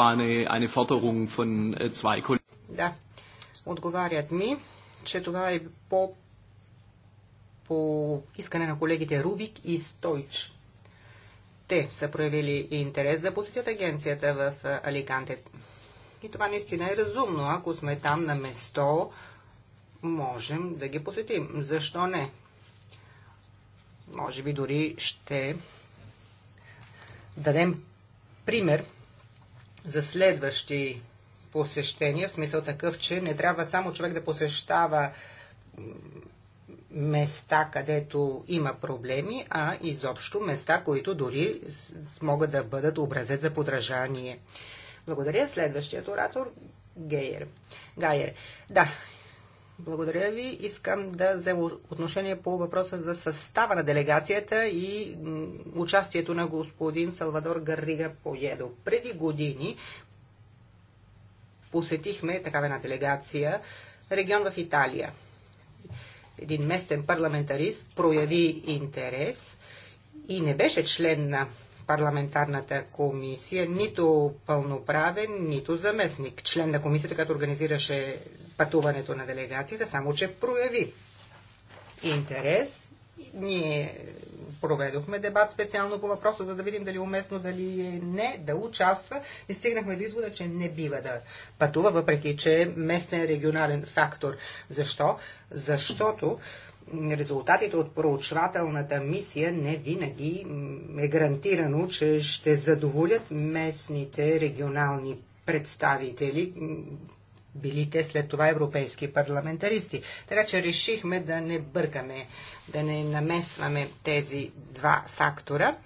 да. Отговарят ми, че това е по, по искане на колегите Рубик и Стойч те са проявили интерес да посетят агенцията в Аликанте. И това наистина е разумно. Ако сме там на место, можем да ги посетим. Защо не? Може би дори ще дадем пример за следващи посещения, в смисъл такъв, че не трябва само човек да посещава места, където има проблеми, а изобщо места, които дори могат да бъдат образец за подражание. Благодаря. Следващият оратор Гейер. Гайер. Да, благодаря ви. Искам да взема отношение по въпроса за състава на делегацията и участието на господин Салвадор Гаррига Поедо. Преди години посетихме такава една делегация регион в Италия – един местен парламентарист прояви интерес и не беше член на парламентарната комисия, нито пълноправен, нито заместник. Член на комисията, която организираше пътуването на делегацията, само че прояви интерес. Ние проведохме дебат специално по въпроса, за да видим дали е уместно, дали е не, да участва и стигнахме до извода, че не бива да пътува, въпреки че е местен регионален фактор. Защо? Защото резултатите от проучвателната мисия не винаги е гарантирано, че ще задоволят местните регионални представители, били те след това европейски парламентаристи. Така че решихме да не бъркаме, да не намесваме тези два фактора.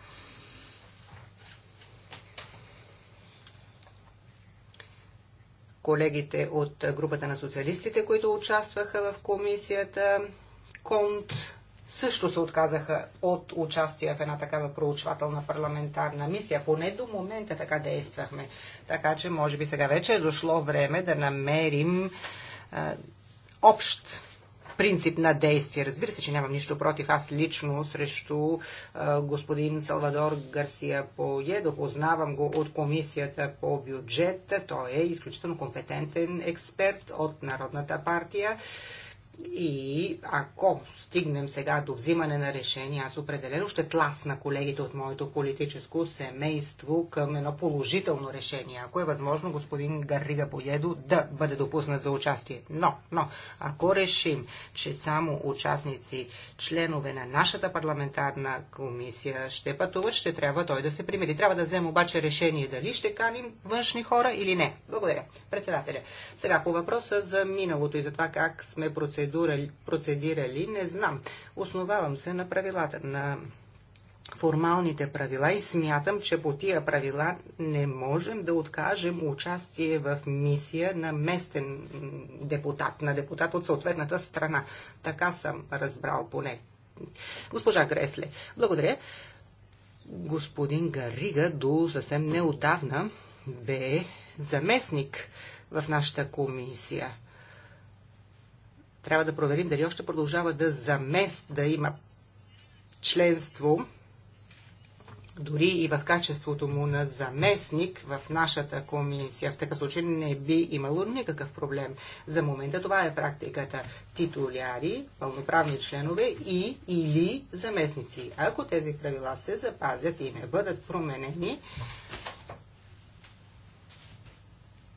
Колегите от групата на социалистите, които участваха в комисията, Конт, също се отказаха от участие в една такава проучвателна парламентарна мисия. Поне до момента така действахме. Така че, може би сега вече е дошло време да намерим а, общ принцип на действие. Разбира се, че нямам нищо против. Аз лично срещу а, господин Салвадор Гарсия Пое. Допознавам го от комисията по бюджет. Той е изключително компетентен експерт от Народната партия. И ако стигнем сега до взимане на решение, аз определено ще тласна колегите от моето политическо семейство към едно положително решение. Ако е възможно господин Гаррига Боедо да бъде допуснат за участие. Но, но, ако решим, че само участници, членове на нашата парламентарна комисия ще пътуват, ще трябва той да се примири. Трябва да вземем обаче решение дали ще каним външни хора или не. Благодаря. Председателя. Сега по въпроса за миналото и за това как сме процедурали процедирали, не знам. Основавам се на правилата, на формалните правила и смятам, че по тия правила не можем да откажем участие в мисия на местен депутат, на депутат от съответната страна. Така съм разбрал поне. Госпожа Гресле, благодаря. Господин Гарига до съвсем неотдавна, бе заместник в нашата комисия. Трябва да проверим дали още продължава да замест, да има членство, дори и в качеството му на заместник в нашата комисия. В такъв случай не би имало никакъв проблем. За момента това е практиката. Титуляри, пълноправни членове и или заместници. Ако тези правила се запазят и не бъдат променени,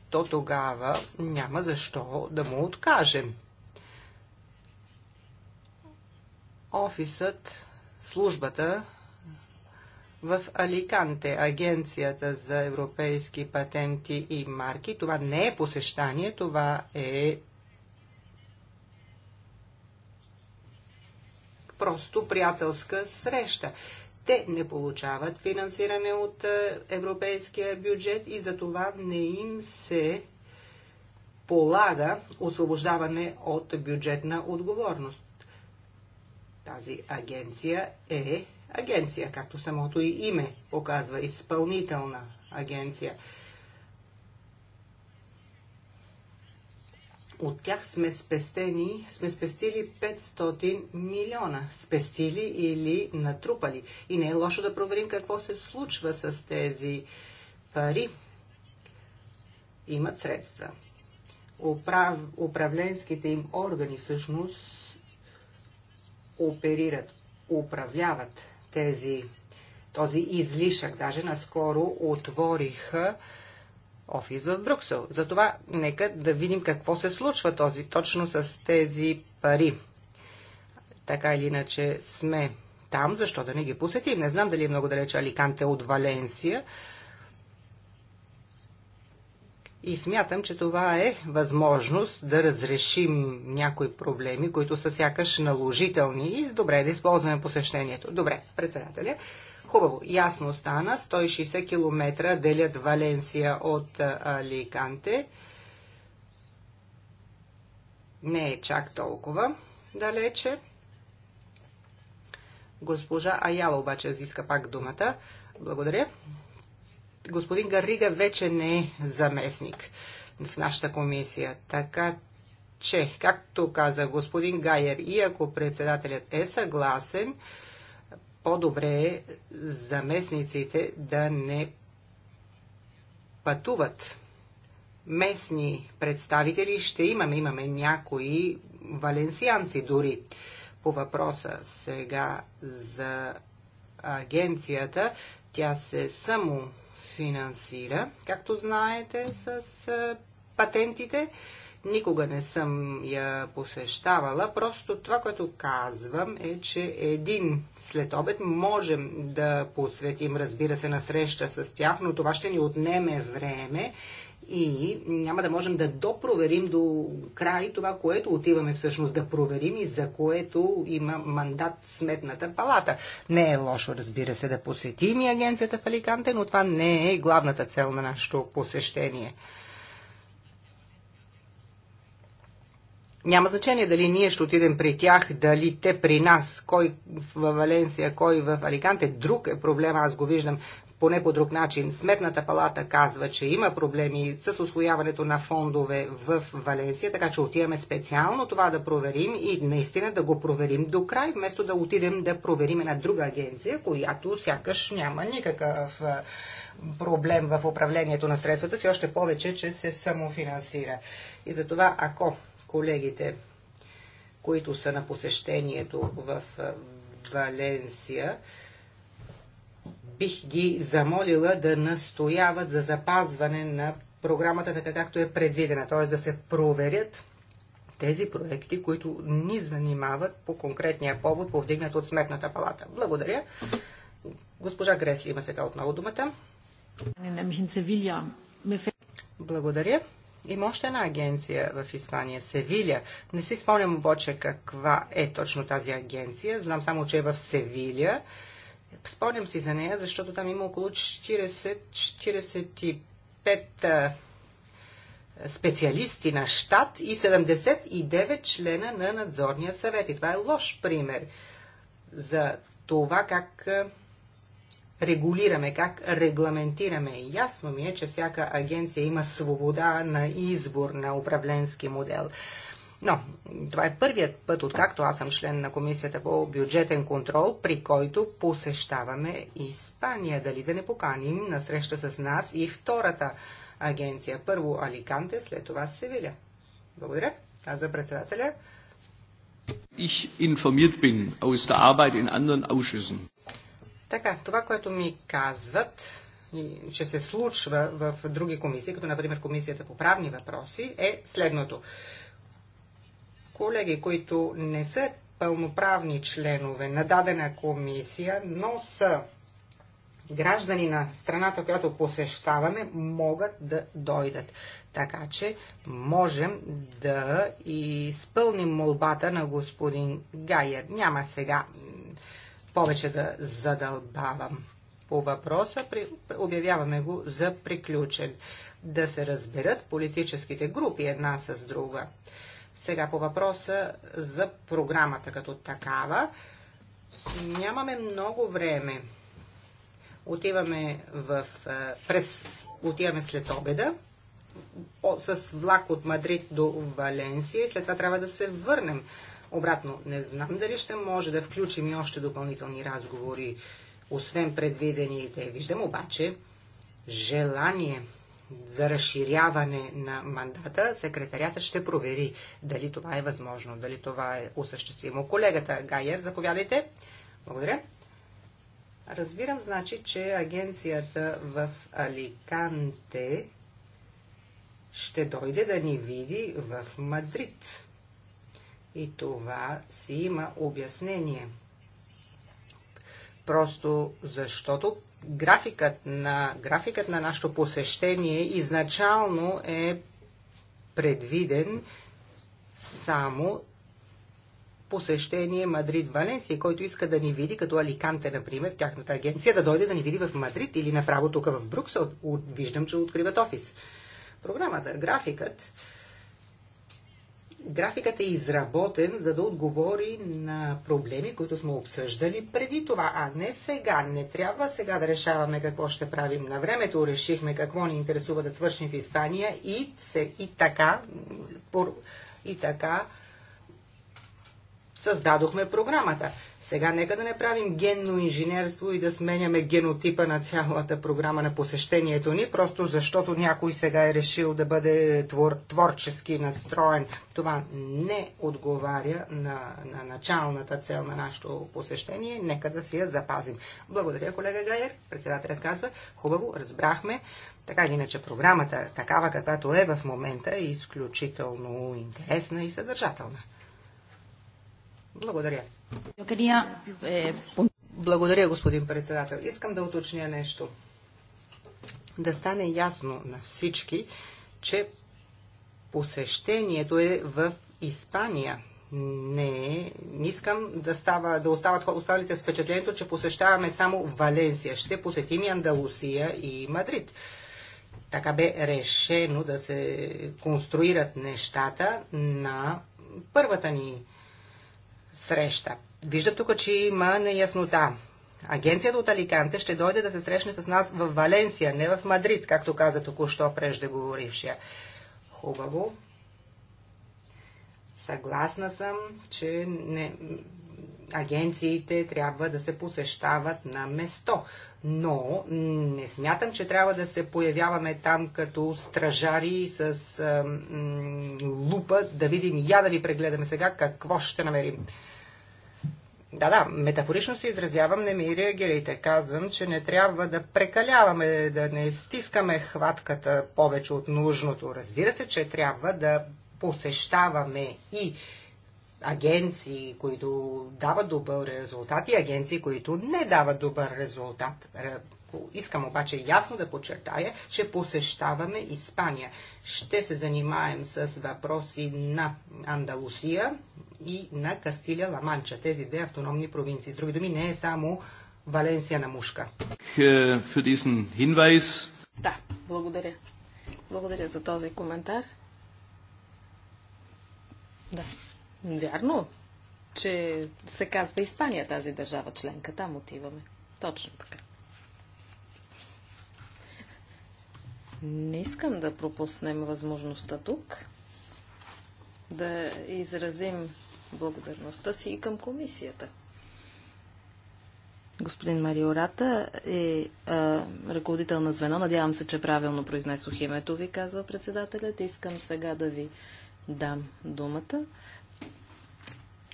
то тогава няма защо да му откажем. офисът, службата в Аликанте, Агенцията за европейски патенти и марки. Това не е посещание, това е просто приятелска среща. Те не получават финансиране от е, европейския бюджет и за това не им се полага освобождаване от бюджетна отговорност. Тази агенция е агенция, както самото и име показва, изпълнителна агенция. От тях сме спестени, сме спестили 500 милиона. Спестили или натрупали. И не е лошо да проверим какво се случва с тези пари. Имат средства. Управ... Управленските им органи всъщност оперират, управляват тези, този излишък. Даже наскоро отвориха офис в Брюксел. Затова нека да видим какво се случва този, точно с тези пари. Така или иначе сме там, защо да не ги посетим? Не знам дали е много далече Аликанте от Валенсия, и смятам, че това е възможност да разрешим някои проблеми, които са сякаш наложителни и добре е да използваме посещението. Добре, председателя. Хубаво, ясно стана. 160 км делят Валенсия от Аликанте. Не е чак толкова далече. Госпожа Аяла обаче взиска пак думата. Благодаря господин Гарига вече не е заместник в нашата комисия. Така че, както каза господин Гайер, и ако председателят е съгласен, по-добре е заместниците да не пътуват. Местни представители ще имаме, имаме някои валенсианци дори. По въпроса сега за агенцията, тя се само финансира, както знаете, с патентите. Никога не съм я посещавала, просто това, което казвам е, че един след обед можем да посветим, разбира се, на среща с тях, но това ще ни отнеме време и няма да можем да допроверим до край това, което отиваме всъщност да проверим и за което има мандат Сметната палата. Не е лошо, разбира се, да посетим и агенцията в Аликанте, но това не е главната цел на нашето посещение. Няма значение дали ние ще отидем при тях, дали те при нас, кой в Валенсия, кой в Аликанте. Друг е проблема, аз го виждам поне по друг начин. Сметната палата казва, че има проблеми с освояването на фондове в Валенсия, така че отиваме специално това да проверим и наистина да го проверим до край, вместо да отидем да проверим една друга агенция, която сякаш няма никакъв проблем в управлението на средствата си, още повече, че се самофинансира. И затова, ако колегите, които са на посещението в Валенсия, бих ги замолила да настояват за запазване на програмата така както е предвидена, т.е. да се проверят тези проекти, които ни занимават по конкретния повод, повдигнат от Сметната палата. Благодаря. Госпожа Гресли има сега отново думата. Благодаря. Има още една агенция в Испания, Севиля. Не си спомням обаче каква е точно тази агенция. Знам само, че е в Севиля. Спомням си за нея, защото там има около 40-45 специалисти на щат и 79 члена на надзорния съвет. И това е лош пример за това как регулираме, как регламентираме. И Ясно ми е, че всяка агенция има свобода на избор на управленски модел. Но това е първият път, откакто аз съм член на Комисията по бюджетен контрол, при който посещаваме Испания. Дали да не поканим на среща с нас и втората агенция. Първо Аликанте, след това Севиля. Благодаря. Каза председателя. Ich informiert bin aus der Arbeit in anderen Ausschüssen. Така, това, което ми казват, че се случва в други комисии, като например Комисията по правни въпроси, е следното колеги, които не са пълноправни членове на дадена комисия, но са граждани на страната, която посещаваме, могат да дойдат. Така че можем да изпълним молбата на господин Гайер. Няма сега повече да задълбавам по въпроса. Обявяваме го за приключен. Да се разберат политическите групи една с друга. Сега по въпроса за програмата като такава. Нямаме много време. Отиваме, в, през, отиваме след обеда с влак от Мадрид до Валенсия и след това трябва да се върнем. Обратно, не знам дали ще може да включим и още допълнителни разговори, освен предвидените. Виждам обаче желание за разширяване на мандата, секретарята ще провери дали това е възможно, дали това е осъществимо. Колегата Гайер, заповядайте. Благодаря. Разбирам, значи, че агенцията в Аликанте ще дойде да ни види в Мадрид. И това си има обяснение – просто защото графикът на, графикът на нашето посещение изначално е предвиден само посещение Мадрид-Валенсия, който иска да ни види, като Аликанте, например, тяхната агенция, да дойде да ни види в Мадрид или направо тук в Брюксел. Виждам, че откриват офис. Програмата, графикът графикът е изработен, за да отговори на проблеми, които сме обсъждали преди това, а не сега. Не трябва сега да решаваме какво ще правим. На времето решихме какво ни интересува да свършим в Испания и, се, и така, и така създадохме програмата. Сега нека да не правим генно инженерство и да сменяме генотипа на цялата програма на посещението ни, просто защото някой сега е решил да бъде твор, творчески настроен. Това не отговаря на, на началната цел на нашето посещение. Нека да си я запазим. Благодаря, колега Гайер. Председателят казва, хубаво, разбрахме. Така или иначе, програмата, такава каквато е в момента, е изключително интересна и съдържателна. Благодаря. Eh, Благодаря, господин председател. Искам да уточня нещо. Да стане ясно на всички, че посещението е в Испания. Не, не искам да, става, да остават останалите с впечатлението, че посещаваме само Валенсия. Ще посетим и Андалусия и Мадрид. Така бе решено да се конструират нещата на първата ни среща. Виждам тук, че има неяснота. Агенцията от Аликанте ще дойде да се срещне с нас в Валенсия, не в Мадрид, както каза току-що преждеговорившия. Хубаво. Съгласна съм, че не, агенциите трябва да се посещават на место но не смятам, че трябва да се появяваме там като стражари с лупа, да видим, я да ви прегледаме сега какво ще намерим. Да, да, метафорично се изразявам, не ми реагирайте. Казвам, че не трябва да прекаляваме, да не стискаме хватката повече от нужното. Разбира се, че трябва да посещаваме и агенции, които дават добър резултат и агенции, които не дават добър резултат. Искам обаче ясно да подчертая, че посещаваме Испания. Ще се занимаем с въпроси на Андалусия и на Кастилия Ламанча, тези две автономни провинции. С други думи, не е само Валенсия на мушка. Е, да, благодаря. Благодаря за този коментар. Да. Вярно, че се казва Испания тази държава членка. Там отиваме. Точно така. Не искам да пропуснем възможността тук да изразим благодарността си и към комисията. Господин Марио Рата е а, ръководител на звено. Надявам се, че правилно произнесох името ви, казва председателят. Искам сега да ви дам думата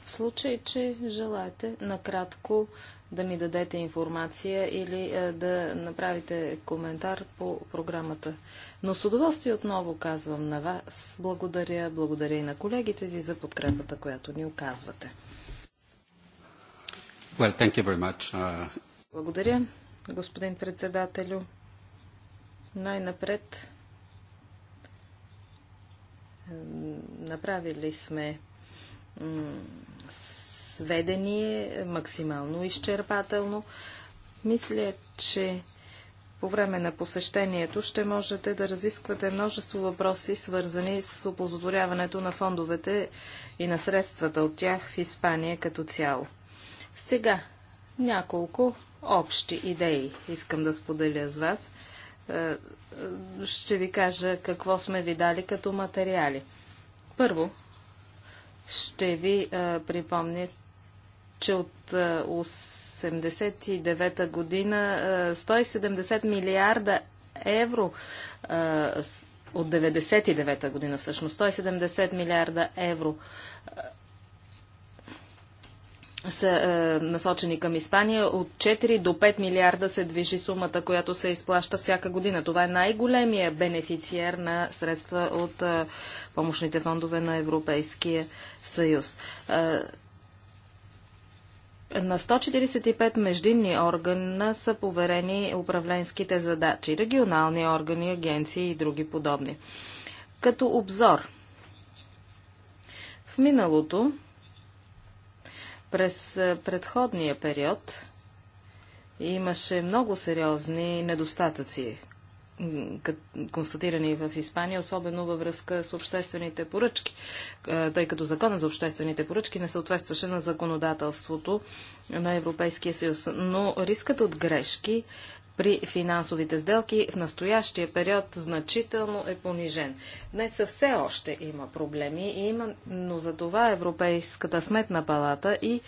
случай, че желаете накратко да ни дадете информация или е, да направите коментар по програмата. Но с удоволствие отново казвам на вас благодаря, благодаря и на колегите ви за подкрепата, която ни оказвате. Well, thank you very much. Uh... Благодаря, господин председателю. Най-напред направили сме сведение максимално изчерпателно. Мисля, че по време на посещението ще можете да разисквате множество въпроси, свързани с оползотворяването на фондовете и на средствата от тях в Испания като цяло. Сега няколко общи идеи искам да споделя с вас. Е, е, ще ви кажа какво сме ви дали като материали. Първо, ще ви а, припомня, че от 1989 89-та година а, 170 милиарда евро от 99-та година всъщност 170 милиарда евро са е, насочени към Испания. От 4 до 5 милиарда се движи сумата, която се изплаща всяка година. Това е най-големия бенефициер на средства от е, помощните фондове на Европейския съюз. Е, на 145 междинни органа са поверени управленските задачи, регионални органи, агенции и други подобни. Като обзор. В миналото през предходния период имаше много сериозни недостатъци, констатирани в Испания, особено във връзка с обществените поръчки, тъй като закона за обществените поръчки не съответстваше на законодателството на Европейския съюз. Но рискът от грешки при финансовите сделки в настоящия период значително е понижен. Днес все още има проблеми и но за това Европейската сметна палата и е,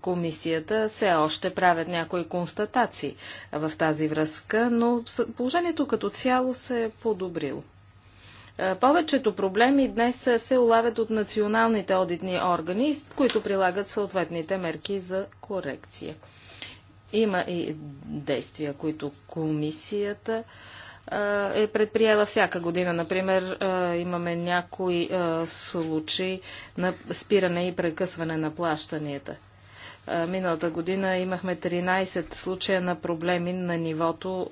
комисията все още правят някои констатации в тази връзка, но положението като цяло се е подобрило. Е, повечето проблеми днес се улавят от националните одитни органи, които прилагат съответните мерки за корекция. Има и действия, които комисията е предприела всяка година. Например, имаме някои случаи на спиране и прекъсване на плащанията. Миналата година имахме 13 случая на проблеми на нивото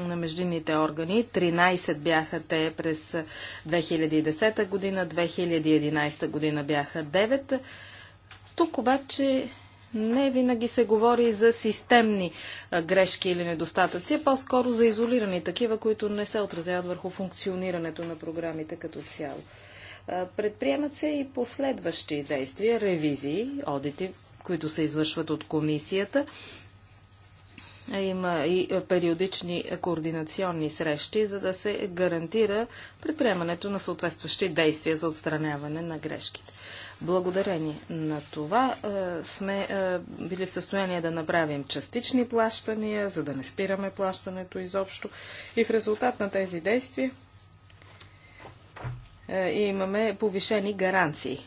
на междинните органи. 13 бяха те през 2010 година, 2011 година бяха 9. Тук обаче не винаги се говори за системни грешки или недостатъци, а по-скоро за изолирани такива, които не се отразяват върху функционирането на програмите като цяло. Предприемат се и последващи действия, ревизии, одити, които се извършват от комисията. Има и периодични координационни срещи, за да се гарантира предприемането на съответстващи действия за отстраняване на грешките. Благодарение на това е, сме е, били в състояние да направим частични плащания, за да не спираме плащането изобщо. И в резултат на тези действия е, имаме повишени гаранции е,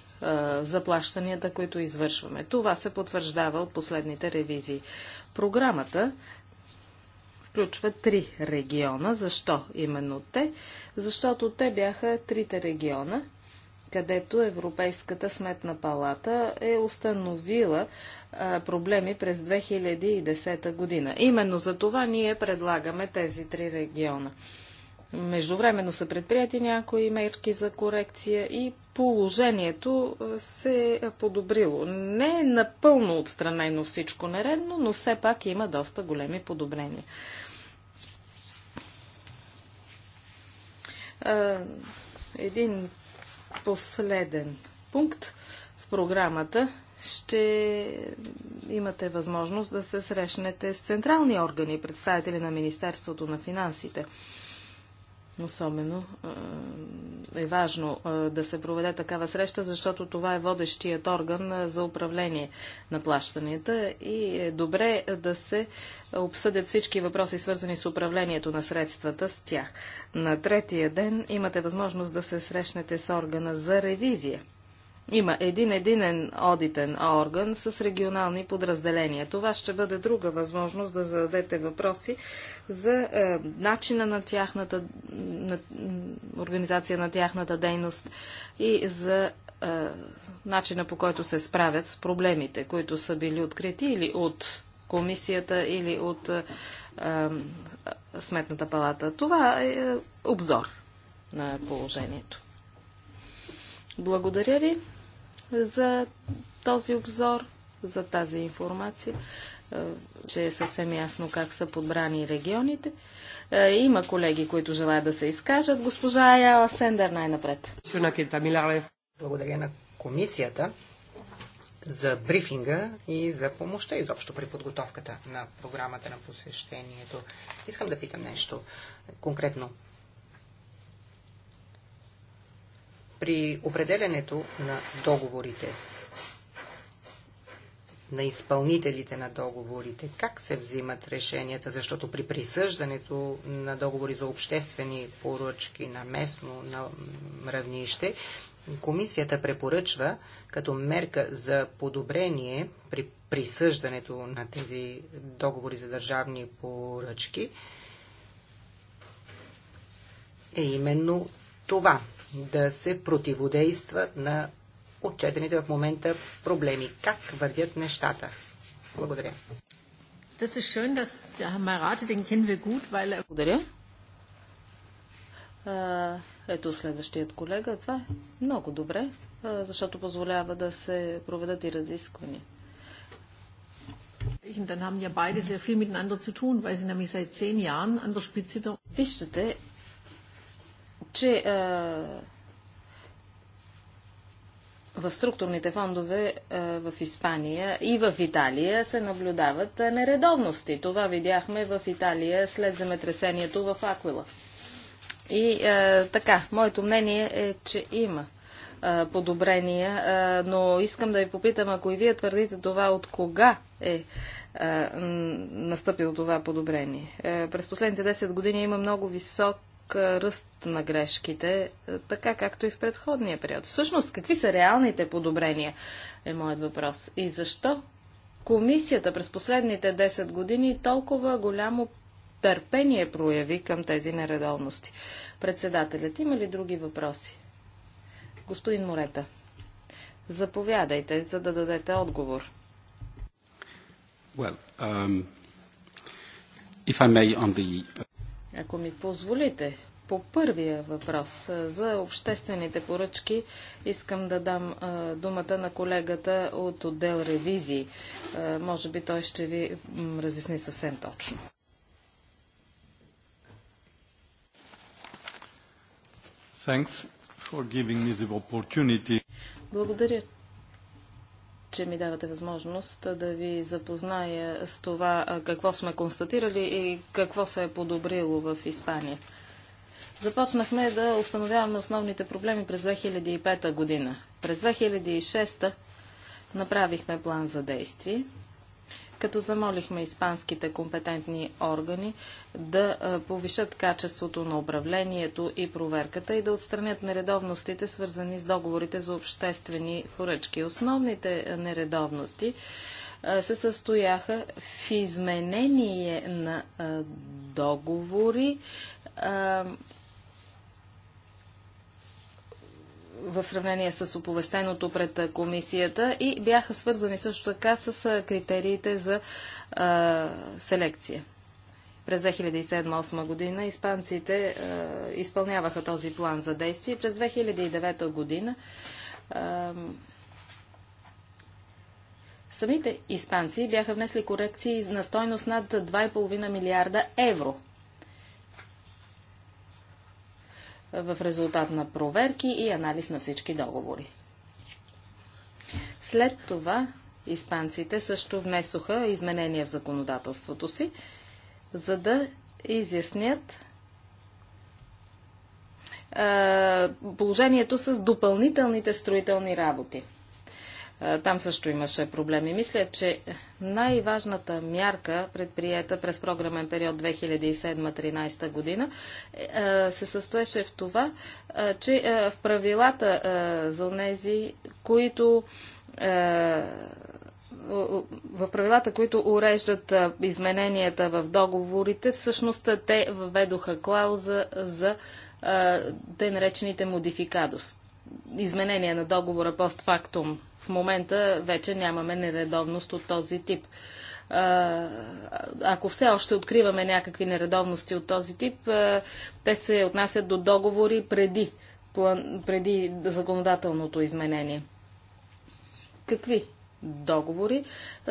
за плащанията, които извършваме. Това се потвърждава от последните ревизии. Програмата включва три региона. Защо именно те? Защото те бяха трите региона, където Европейската сметна палата е установила проблеми през 2010 година. Именно за това ние предлагаме тези три региона. Междувременно са предприяти някои мерки за корекция и положението се е подобрило. Не е напълно отстранено всичко нередно, но все пак има доста големи подобрения. Един последен пункт в програмата ще имате възможност да се срещнете с централни органи, представители на Министерството на финансите. Особено е, е важно е, да се проведе такава среща, защото това е водещият орган е, за управление на плащанията и е добре да се обсъдят всички въпроси, свързани с управлението на средствата с тях. На третия ден имате възможност да се срещнете с органа за ревизия има един единен одитен орган с регионални подразделения. Това ще бъде друга възможност да зададете въпроси за е, начина на тяхната на, организация на тяхната дейност и за е, начина по който се справят с проблемите, които са били открити или от комисията, или от е, е, Сметната палата. Това е, е обзор на положението. Благодаря ви за този обзор, за тази информация, че е съвсем ясно как са подбрани регионите. Има колеги, които желаят да се изкажат. Госпожа Аяла Сендер най-напред. Благодаря на комисията за брифинга и за помощта изобщо при подготовката на програмата на посещението. Искам да питам нещо конкретно. при определенето на договорите, на изпълнителите на договорите, как се взимат решенията, защото при присъждането на договори за обществени поръчки на местно на равнище, Комисията препоръчва като мерка за подобрение при присъждането на тези договори за държавни поръчки е именно това да се противодейства на отчетените в момента проблеми. Как вървят нещата? Благодаря. Благодаря. Ето следващият колега. Това е много добре, защото позволява да се проведат и разисквания. Вижте, че е, в структурните фондове е, в Испания и в Италия се наблюдават е, нередовности. Това видяхме в Италия след земетресението в Аквила. И така, моето мнение е, че има подобрения, но искам да ви попитам, ако и вие твърдите това, от кога е настъпило това подобрение. През последните 10 години има много висок е, ръст на грешките, е, така както и в предходния период. Всъщност, какви са реалните подобрения, е моят въпрос. И защо комисията през последните 10 години толкова голямо търпение прояви към тези нередовности? Председателят, има ли други въпроси? Господин Морета, заповядайте, за да дадете отговор. Well, um, if I may on the... Ако ми позволите, по първия въпрос за обществените поръчки искам да дам думата на колегата от отдел ревизии. може би той ще ви разясни съвсем точно. Благодаря, че ми давате възможност да ви запозная с това какво сме констатирали и какво се е подобрило в Испания. Започнахме да установяваме основните проблеми през 2005 година. През 2006 направихме план за действие – като замолихме испанските компетентни органи да повишат качеството на управлението и проверката и да отстранят нередовностите, свързани с договорите за обществени поръчки. Основните нередовности се състояха в изменение на договори, в сравнение с оповестеното пред комисията и бяха свързани също така с критериите за а, селекция. През 2007-2008 година испанците а, изпълняваха този план за действие. През 2009 година а, самите испанци бяха внесли корекции на стойност над 2,5 милиарда евро – в резултат на проверки и анализ на всички договори. След това испанците също внесоха изменения в законодателството си, за да изяснят положението с допълнителните строителни работи. Там също имаше проблеми. Мисля, че най-важната мярка, предприета през програмен период 2007-2013 година, е, се състоеше в това, че в правилата за тези, които в правилата, които уреждат измененията в договорите, всъщност те въведоха клауза за те наречените модификадост изменение на договора постфактум. В момента вече нямаме нередовност от този тип. ако все още откриваме някакви нередовности от този тип, те се отнасят до договори преди, преди законодателното изменение. Какви договори?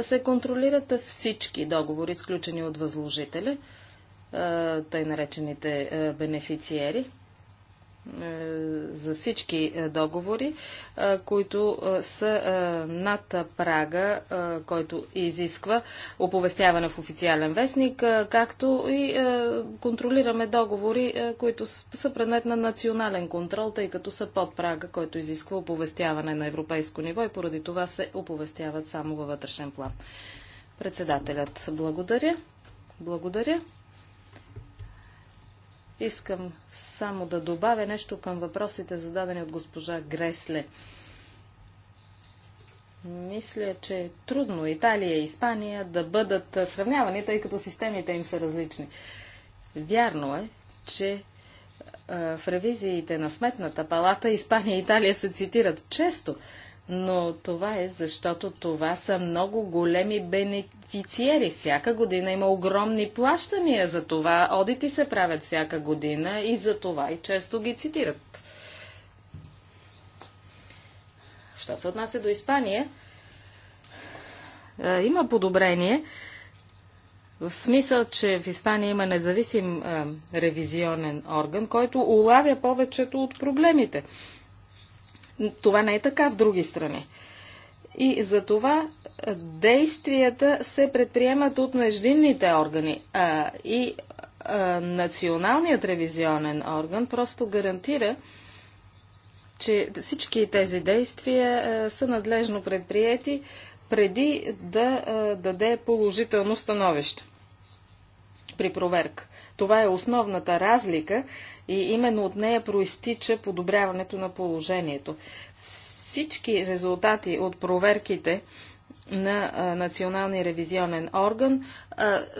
Се контролират всички договори, сключени от възложителя, тъй наречените бенефициери. Е, за всички е, договори, е, които са над прага, който изисква оповестяване в официален вестник, както и контролираме договори, които са предмет на национален контрол, тъй като са под прага, който изисква оповестяване на европейско ниво и поради това се оповестяват само във вътрешен план. Председателят, благодаря. Благодаря. Искам само да добавя нещо към въпросите, зададени от госпожа Гресле. Мисля, че е трудно Италия и Испания да бъдат сравнявани, тъй като системите им са различни. Вярно е, че е, в ревизиите на Сметната палата Испания и Италия се цитират често, но това е защото това са много големи бенефициери. Всяка година има огромни плащания за това. Одити се правят всяка година и за това и често ги цитират. Що се отнася до Испания, е, има подобрение. В смисъл, че в Испания има независим е, ревизионен орган, който улавя повечето от проблемите. Това не е така в други страни. И за това действията се предприемат от междинните органи. А, и а, националният ревизионен орган просто гарантира, че всички тези действия а, са надлежно предприяти преди да а, даде положително становище при проверка. Това е основната разлика и именно от нея проистича подобряването на положението. Всички резултати от проверките на Националния ревизионен орган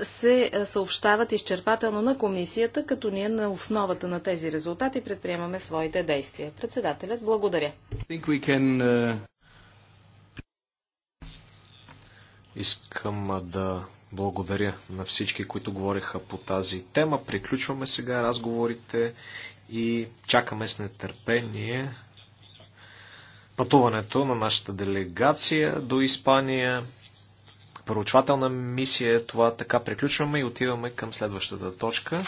се съобщават изчерпателно на комисията, като ние на основата на тези резултати предприемаме своите действия. Председателят, благодаря. Искам да благодаря на всички, които говориха по тази тема. Приключваме сега разговорите и чакаме с нетърпение пътуването на нашата делегация до Испания. Поручвателна мисия, е това така приключваме и отиваме към следващата точка.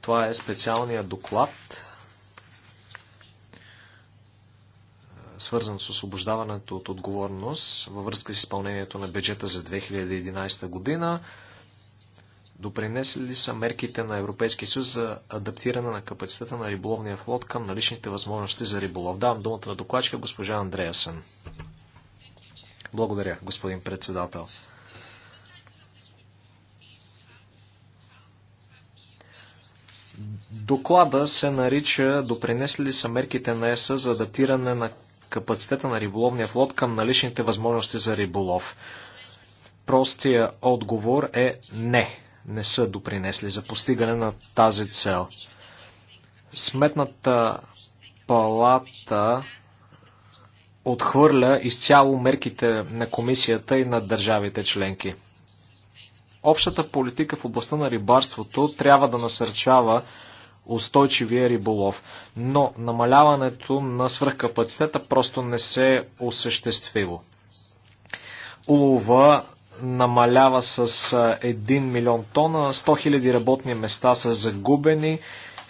Това е специалният доклад свързан с освобождаването от отговорност във връзка с изпълнението на бюджета за 2011 година. Допринесли ли са мерките на Европейския съюз за адаптиране на капацитета на риболовния флот към наличните възможности за риболов? Давам думата на докладчика госпожа Андреасен. Благодаря, господин председател. Доклада се нарича Допринесли ли са мерките на ЕСА за адаптиране на капацитета на риболовния флот към наличните възможности за риболов? Простия отговор е не. Не са допринесли за постигане на тази цел. Сметната палата отхвърля изцяло мерките на комисията и на държавите членки. Общата политика в областта на рибарството трябва да насърчава устойчивия риболов. Но намаляването на свръхкапацитета просто не се е осъществило. Улова намалява с 1 милион тона, 100 хиляди работни места са загубени,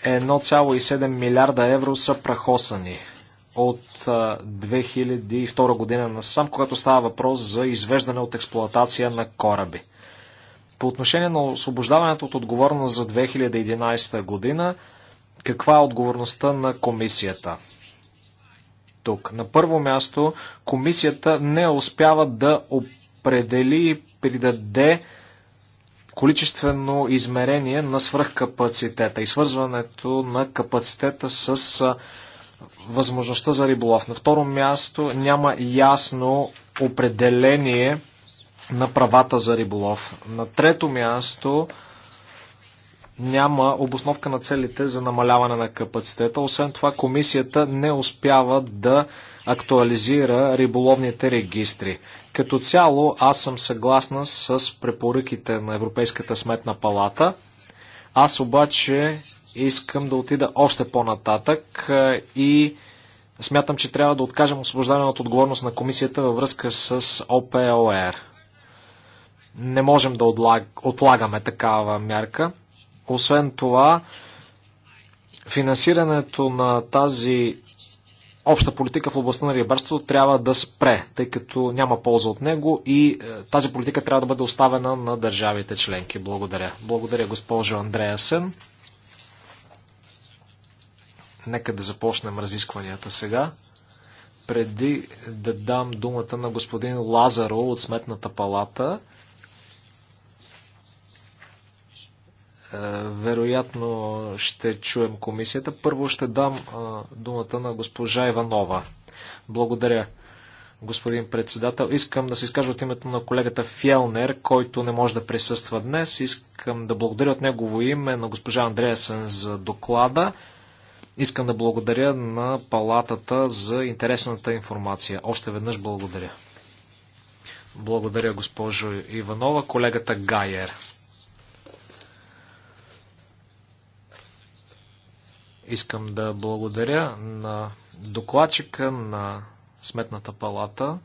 1,7 милиарда евро са прахосани от 2002 година насам, когато става въпрос за извеждане от експлоатация на кораби. По отношение на освобождаването от отговорност за 2011 година, каква е отговорността на комисията? Тук. На първо място, комисията не успява да определи и придаде количествено измерение на свръхкапацитета и свързването на капацитета с възможността за риболов. На второ място няма ясно определение на правата за риболов. На трето място няма обосновка на целите за намаляване на капацитета. Освен това, комисията не успява да актуализира риболовните регистри. Като цяло, аз съм съгласна с препоръките на Европейската сметна палата. Аз обаче искам да отида още по-нататък и смятам, че трябва да откажем освобождане от отговорност на комисията във връзка с ОПОР. Не можем да отлагаме такава мярка. Освен това, финансирането на тази обща политика в областта на рибарството трябва да спре, тъй като няма полза от него и е, тази политика трябва да бъде оставена на държавите членки. Благодаря. Благодаря, госпожо Андреасен. Нека да започнем разискванията сега. Преди да дам думата на господин Лазаро от Сметната палата, Е, вероятно ще чуем комисията. Първо ще дам е, думата на госпожа Иванова. Благодаря, господин председател. Искам да се изкажа от името на колегата Фелнер, който не може да присъства днес. Искам да благодаря от негово име на госпожа Андреасен за доклада. Искам да благодаря на палатата за интересната информация. Още веднъж благодаря. Благодаря, госпожо Иванова. Колегата Гайер. Искам да благодаря на докладчика на Сметната палата.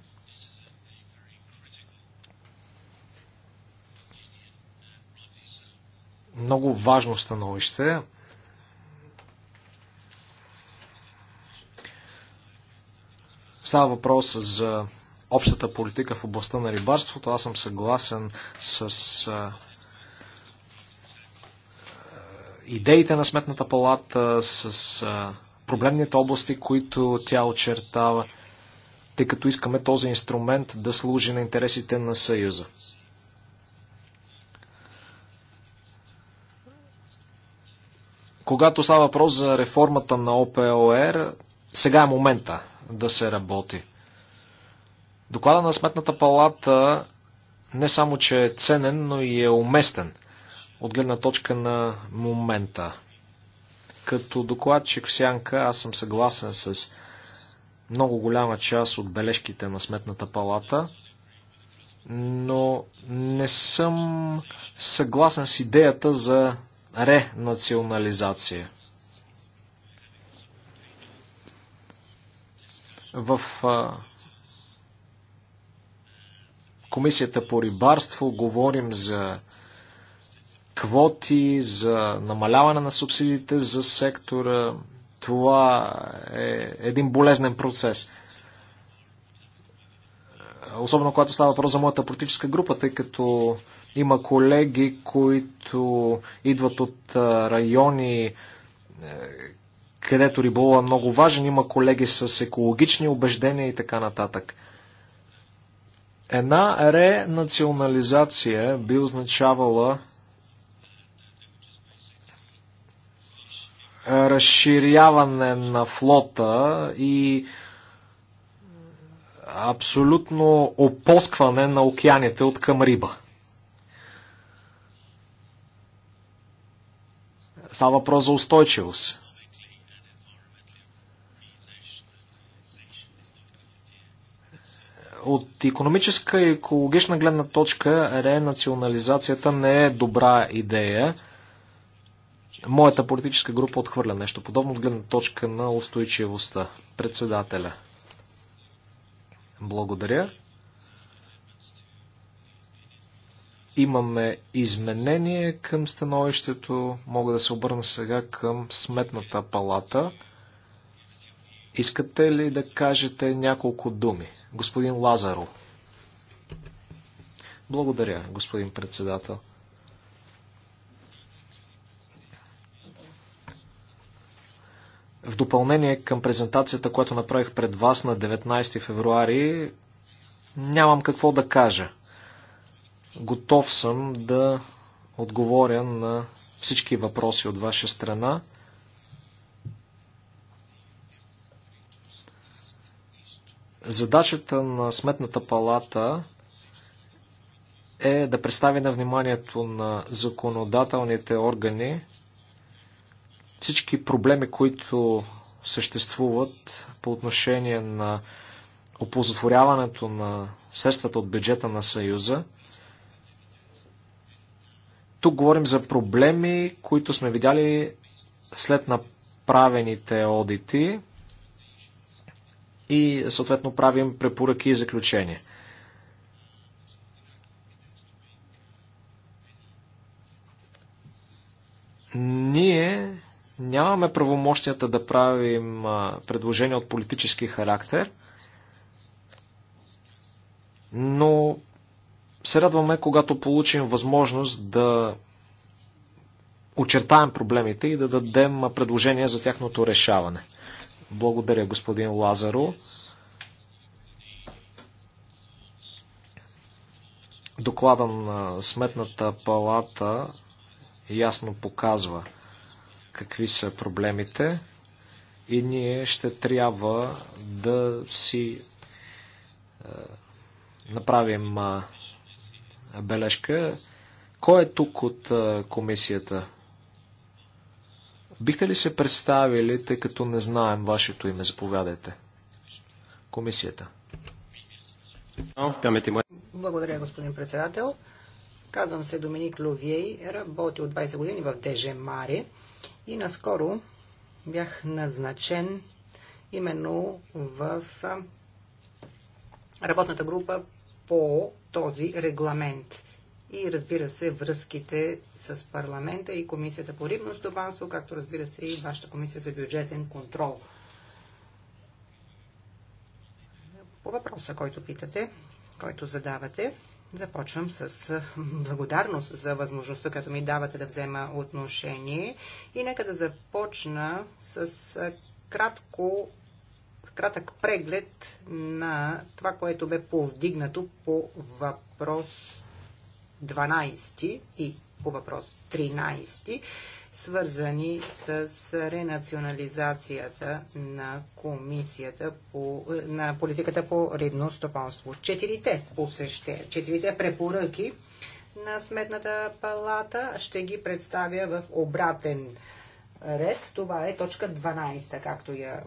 Много важно становище. Става въпрос за общата политика в областта на рибарството. Аз съм съгласен с идеите на Сметната палата, с проблемните области, които тя очертава, тъй като искаме този инструмент да служи на интересите на Съюза. Когато става въпрос за реформата на ОПОР, сега е момента да се работи. Доклада на Сметната палата не само, че е ценен, но и е уместен – от гледна точка на момента. Като докладчик в Сянка аз съм съгласен с много голяма част от бележките на Сметната палата, но не съм съгласен с идеята за ренационализация. В Комисията по рибарство говорим за квоти, за намаляване на субсидиите за сектора. Това е един болезнен процес. Особено когато става въпрос за моята политическа група, тъй като има колеги, които идват от райони, е, където риболова е много важен, има колеги с екологични убеждения и така нататък. Една ренационализация би означавала Е, разширяване на флота и абсолютно опоскване на океаните от към риба. Става въпрос за устойчивост. От економическа и екологична гледна точка ренационализацията не е добра идея. Моята политическа група отхвърля нещо подобно от гледна точка на устойчивостта. Председателя. Благодаря. Имаме изменение към становището. Мога да се обърна сега към Сметната палата. Искате ли да кажете няколко думи? Господин Лазаро. Благодаря, господин председател. В допълнение към презентацията, която направих пред вас на 19 февруари, нямам какво да кажа. Готов съм да отговоря на всички въпроси от ваша страна. Задачата на Сметната палата е да представи на вниманието на законодателните органи всички проблеми, които съществуват по отношение на опозотворяването на средствата от бюджета на Съюза. Тук говорим за проблеми, които сме видяли след направените одити и съответно правим препоръки и заключения. Ние Нямаме правомощията да правим предложения от политически характер, но се радваме, когато получим възможност да очертаем проблемите и да дадем предложения за тяхното решаване. Благодаря, господин Лазаро. Доклада на Сметната палата ясно показва какви са проблемите и ние ще трябва да си е, направим е, бележка. Кой е тук от е, комисията? Бихте ли се представили, тъй като не знаем вашето име? Заповядайте. Комисията. Благодаря, господин председател. Казвам се Доминик Ловией, работи от 20 години в ДЖ Мари. И наскоро бях назначен именно в работната група по този регламент и разбира се връзките с парламента и комисията по рибно стопанство, както разбира се и вашата комисия за бюджетен контрол. По въпроса, който питате, който задавате, Започвам с благодарност за възможността, като ми давате да взема отношение. И нека да започна с кратко, кратък преглед на това, което бе повдигнато по въпрос 12 и по въпрос 13, свързани с ренационализацията на комисията по, на политиката по рибно стопанство. Четирите посеща, четирите препоръки на Сметната палата ще ги представя в обратен ред. Това е точка 12, както я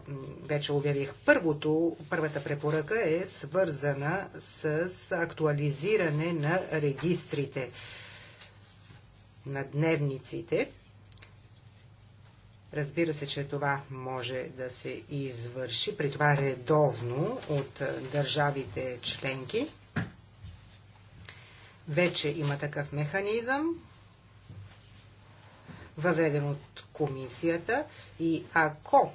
вече обявих. Първото, първата препоръка е свързана с актуализиране на регистрите на дневниците. Разбира се, че това може да се извърши, при това редовно от държавите членки. Вече има такъв механизъм, въведен от комисията и ако,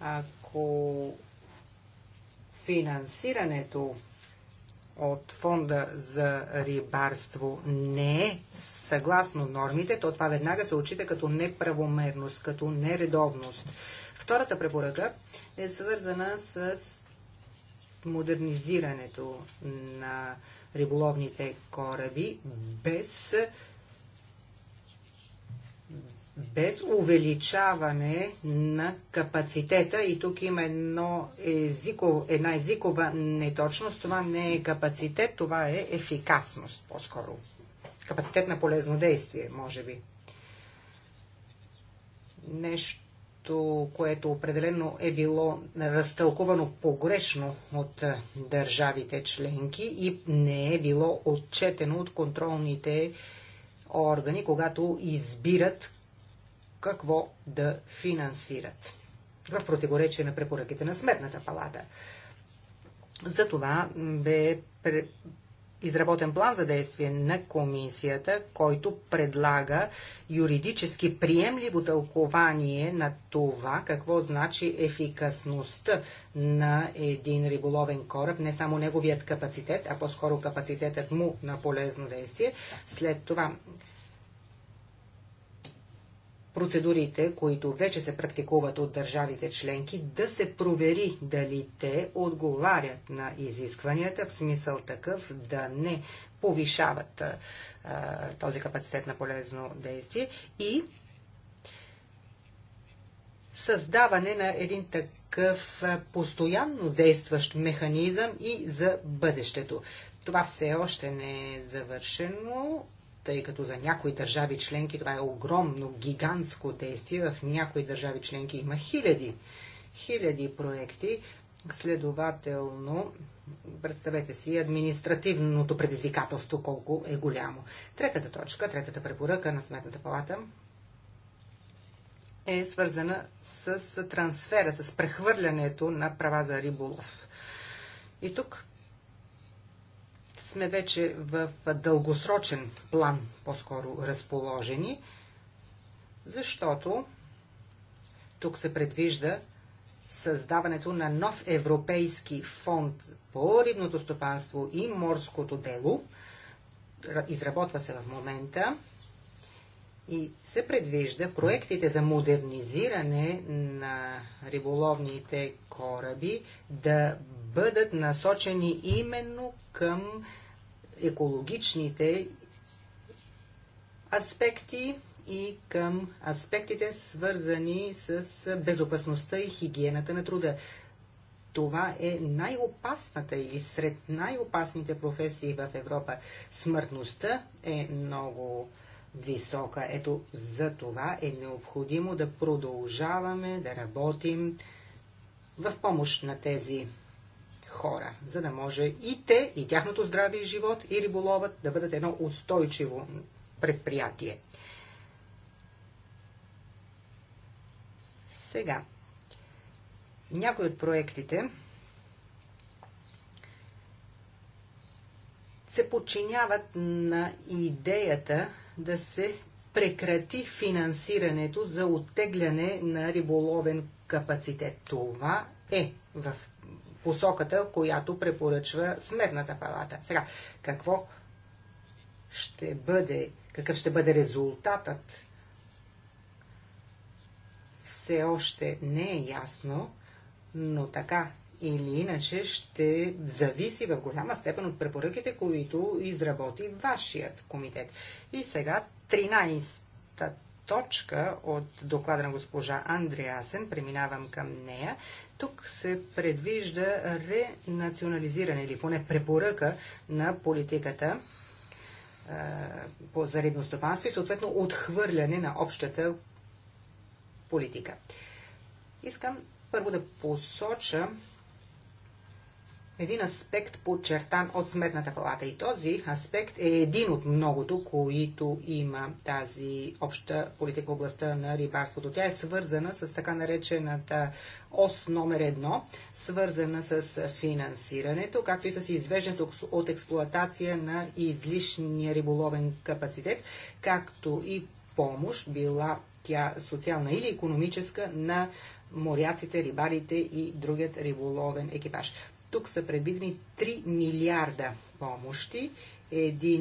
ако финансирането от фонда за рибарство не е съгласно нормите, то това веднага се отчита като неправомерност, като нередовност. Втората препоръка е свързана с модернизирането на риболовните кораби без без увеличаване на капацитета. И тук има едно езико, една езикова неточност. Това не е капацитет, това е ефикасност по-скоро. Капацитет на полезно действие, може би. Нещо, което определено е било разтълкувано погрешно от държавите членки и не е било отчетено от контролните органи, когато избират какво да финансират в противоречие на препоръките на Сметната палата. Затова бе изработен план за действие на комисията, който предлага юридически приемливо тълкование на това какво значи ефикасността на един риболовен кораб, не само неговият капацитет, а по-скоро капацитетът му на полезно действие. След това процедурите, които вече се практикуват от държавите членки, да се провери дали те отговарят на изискванията, в смисъл такъв да не повишават а, този капацитет на полезно действие и създаване на един такъв постоянно действащ механизъм и за бъдещето. Това все още не е завършено, тъй като за някои държави членки това е огромно, гигантско действие. В някои държави членки има хиляди, хиляди проекти. Следователно, представете си административното предизвикателство колко е голямо. Третата точка, третата препоръка на Сметната палата е свързана с трансфера, с прехвърлянето на права за риболов. И тук сме вече в дългосрочен план по-скоро разположени, защото тук се предвижда създаването на нов европейски фонд по рибното стопанство и морското дело. Изработва се в момента и се предвижда проектите за модернизиране на риболовните кораби да бъдат насочени именно към екологичните аспекти и към аспектите свързани с безопасността и хигиената на труда. Това е най-опасната или сред най-опасните професии в Европа. Смъртността е много висока. Ето за това е необходимо да продължаваме да работим в помощ на тези хора, за да може и те, и тяхното здраве и живот, и риболовът да бъдат едно устойчиво предприятие. Сега, някои от проектите се подчиняват на идеята да се прекрати финансирането за оттегляне на риболовен капацитет. Това е в посоката, която препоръчва Сметната палата. Сега, какво ще бъде, какъв ще бъде резултатът, все още не е ясно, но така или иначе ще зависи в голяма степен от препоръките, които изработи вашият комитет. И сега 13-та точка от доклада на госпожа Андреасен, преминавам към нея, тук се предвижда ренационализиране или поне препоръка на политиката по за стопанство и съответно отхвърляне на общата политика. Искам първо да посоча един аспект подчертан от Сметната палата. И този аспект е един от многото, които има тази обща политика в областта на рибарството. Тя е свързана с така наречената ОС номер едно, свързана с финансирането, както и с извеждането от експлоатация на излишния риболовен капацитет, както и помощ, била тя социална или економическа, на моряците, рибарите и другият риболовен екипаж. Тук са предвидени 3 милиарда помощи, 1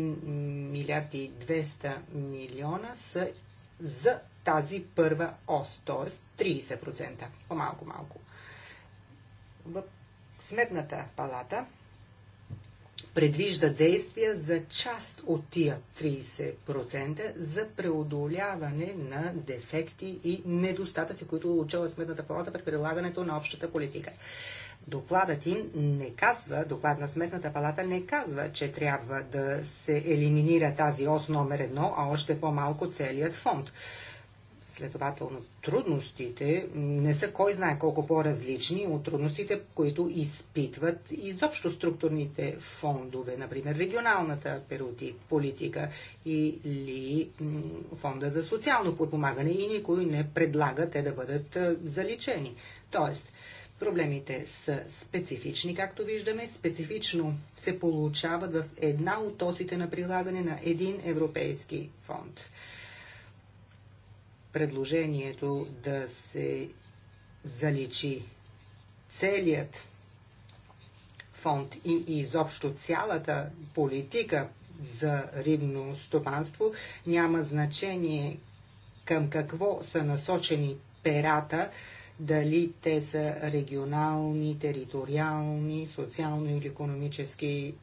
милиард и 200 милиона са за тази първа ос, т.е. 30%, по-малко-малко. В Сметната палата предвижда действия за част от тия 30% за преодоляване на дефекти и недостатъци, които учава Сметната палата при прилагането на общата политика. Докладът им не казва, доклад на Сметната палата не казва, че трябва да се елиминира тази ос номер едно, а още по-малко целият фонд. Следователно, трудностите не са кой знае колко по-различни от трудностите, които изпитват изобщо структурните фондове, например регионалната политика или фонда за социално подпомагане и никой не предлага те да бъдат заличени. Тоест, Проблемите са специфични, както виждаме. Специфично се получават в една от осите на прилагане на един европейски фонд. Предложението да се заличи целият фонд и изобщо цялата политика за рибно стопанство няма значение към какво са насочени перата, дали те са регионални, териториални, социално или економически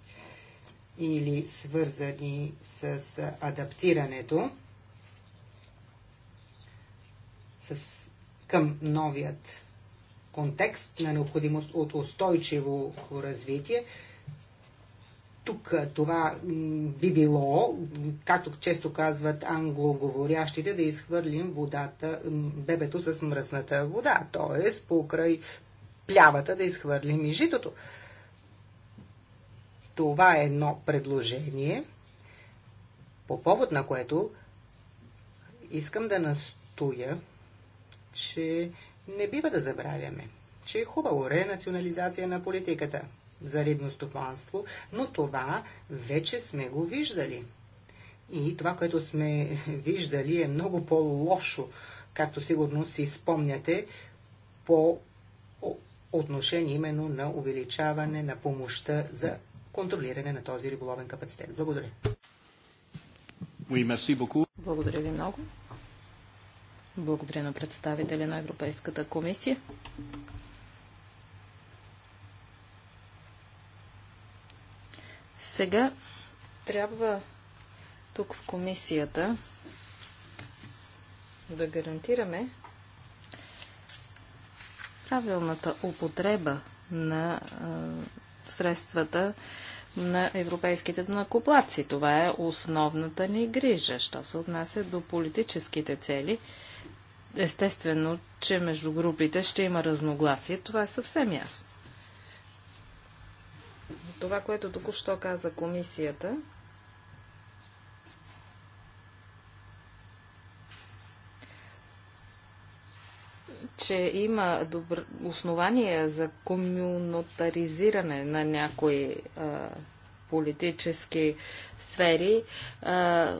или свързани с адаптирането с, към новият контекст на необходимост от устойчиво развитие, тук това би било, както често казват англоговорящите, да изхвърлим водата, бебето с мръсната вода, т.е. покрай плявата да изхвърлим и житото. Това е едно предложение, по повод на което искам да настоя, че не бива да забравяме, че е хубаво ренационализация на политиката – за рибно стопанство, но това вече сме го виждали. И това, което сме виждали е много по-лошо, както сигурно си спомняте, по отношение именно на увеличаване на помощта за контролиране на този риболовен капацитет. Благодаря. Благодаря ви много. Благодаря на представителя на Европейската комисия. Сега трябва тук в комисията да гарантираме правилната употреба на а, средствата на европейските накоплаци. Това е основната ни грижа. Що се отнася до политическите цели, естествено, че между групите ще има разногласие. Това е съвсем ясно това, което току-що каза комисията, че има добър основания за комюнотаризиране на някои а, политически сфери, а,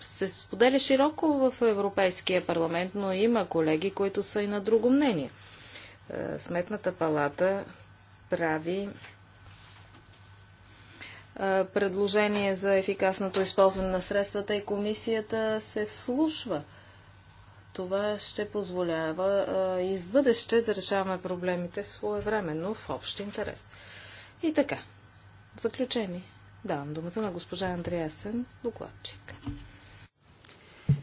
се споделя широко в Европейския парламент, но има колеги, които са и на друго мнение. А, Сметната палата прави предложение за ефикасното използване на средствата и комисията се вслушва. Това ще позволява и в бъдеще да решаваме проблемите своевременно в общ интерес. И така, в заключение, давам думата на госпожа Андреасен, докладчик.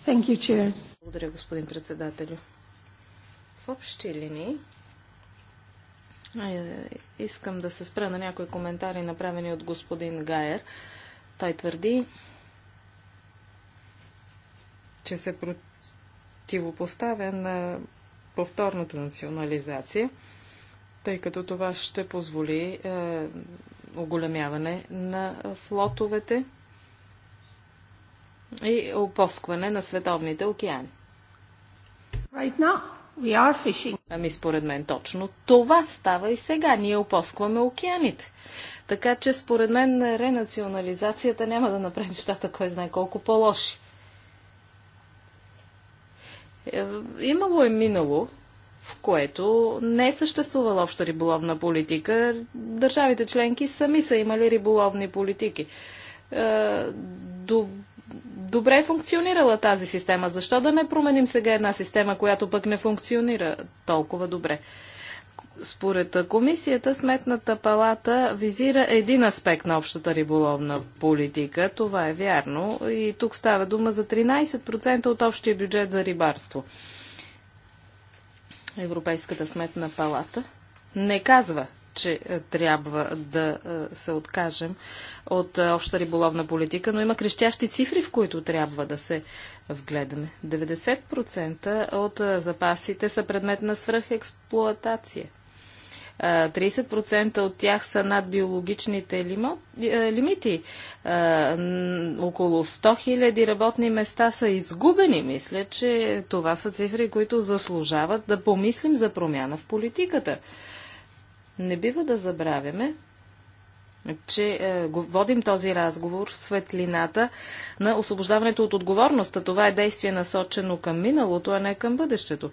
Thank you, Chair. Благодаря, господин председателю. В общи линии е, искам да се спра на някои коментари, направени от господин Гайер. Той твърди, че се противопоставя на повторната национализация, тъй като това ще позволи е, оголемяване на флотовете и опоскване на световните океани. Right now we are fishing. Ами според мен точно това става и сега. Ние опоскваме океаните. Така че според мен ренационализацията няма да направи нещата, кой знае колко по-лоши. Е, имало е минало, в което не е съществувала обща риболовна политика. Държавите членки сами са имали риболовни политики. Е, до добре е функционирала тази система. Защо да не променим сега една система, която пък не функционира толкова добре? Според комисията, Сметната палата визира един аспект на общата риболовна политика. Това е вярно. И тук става дума за 13% от общия бюджет за рибарство. Европейската сметна палата не казва че е, трябва да е, се откажем от е, обща риболовна политика, но има крещящи цифри, в които трябва да се вгледаме. 90% от запасите са предмет на свръхексплуатация. 30% от тях са над биологичните лимити. Около 100 000 работни места са изгубени. Мисля, че това са цифри, които заслужават да помислим за промяна в политиката. Не бива да забравяме, че е, водим този разговор в светлината на освобождаването от отговорността. Това е действие насочено към миналото, а не към бъдещето.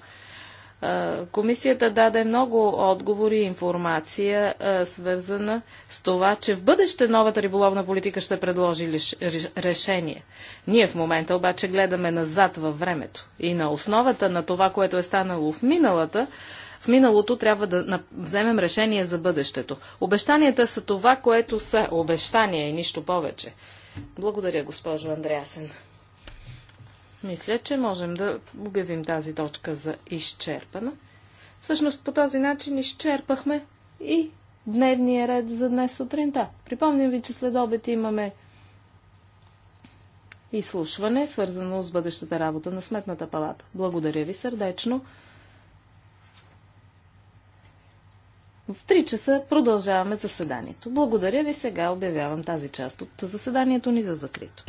Е, комисията даде много отговори и информация, е, свързана с това, че в бъдеще новата риболовна политика ще предложи лиш, решение. Ние в момента обаче гледаме назад във времето и на основата на това, което е станало в миналата, в миналото, трябва да вземем решение за бъдещето. Обещанията са това, което са обещания и нищо повече. Благодаря, госпожо Андреасен. Мисля, че можем да обявим тази точка за изчерпана. Всъщност по този начин изчерпахме и дневния ред за днес сутринта. Припомням ви, че след обед имаме изслушване, свързано с бъдещата работа на Сметната палата. Благодаря ви сърдечно. В 3 часа продължаваме заседанието. Благодаря ви сега, обявявам тази част от заседанието ни за закрито.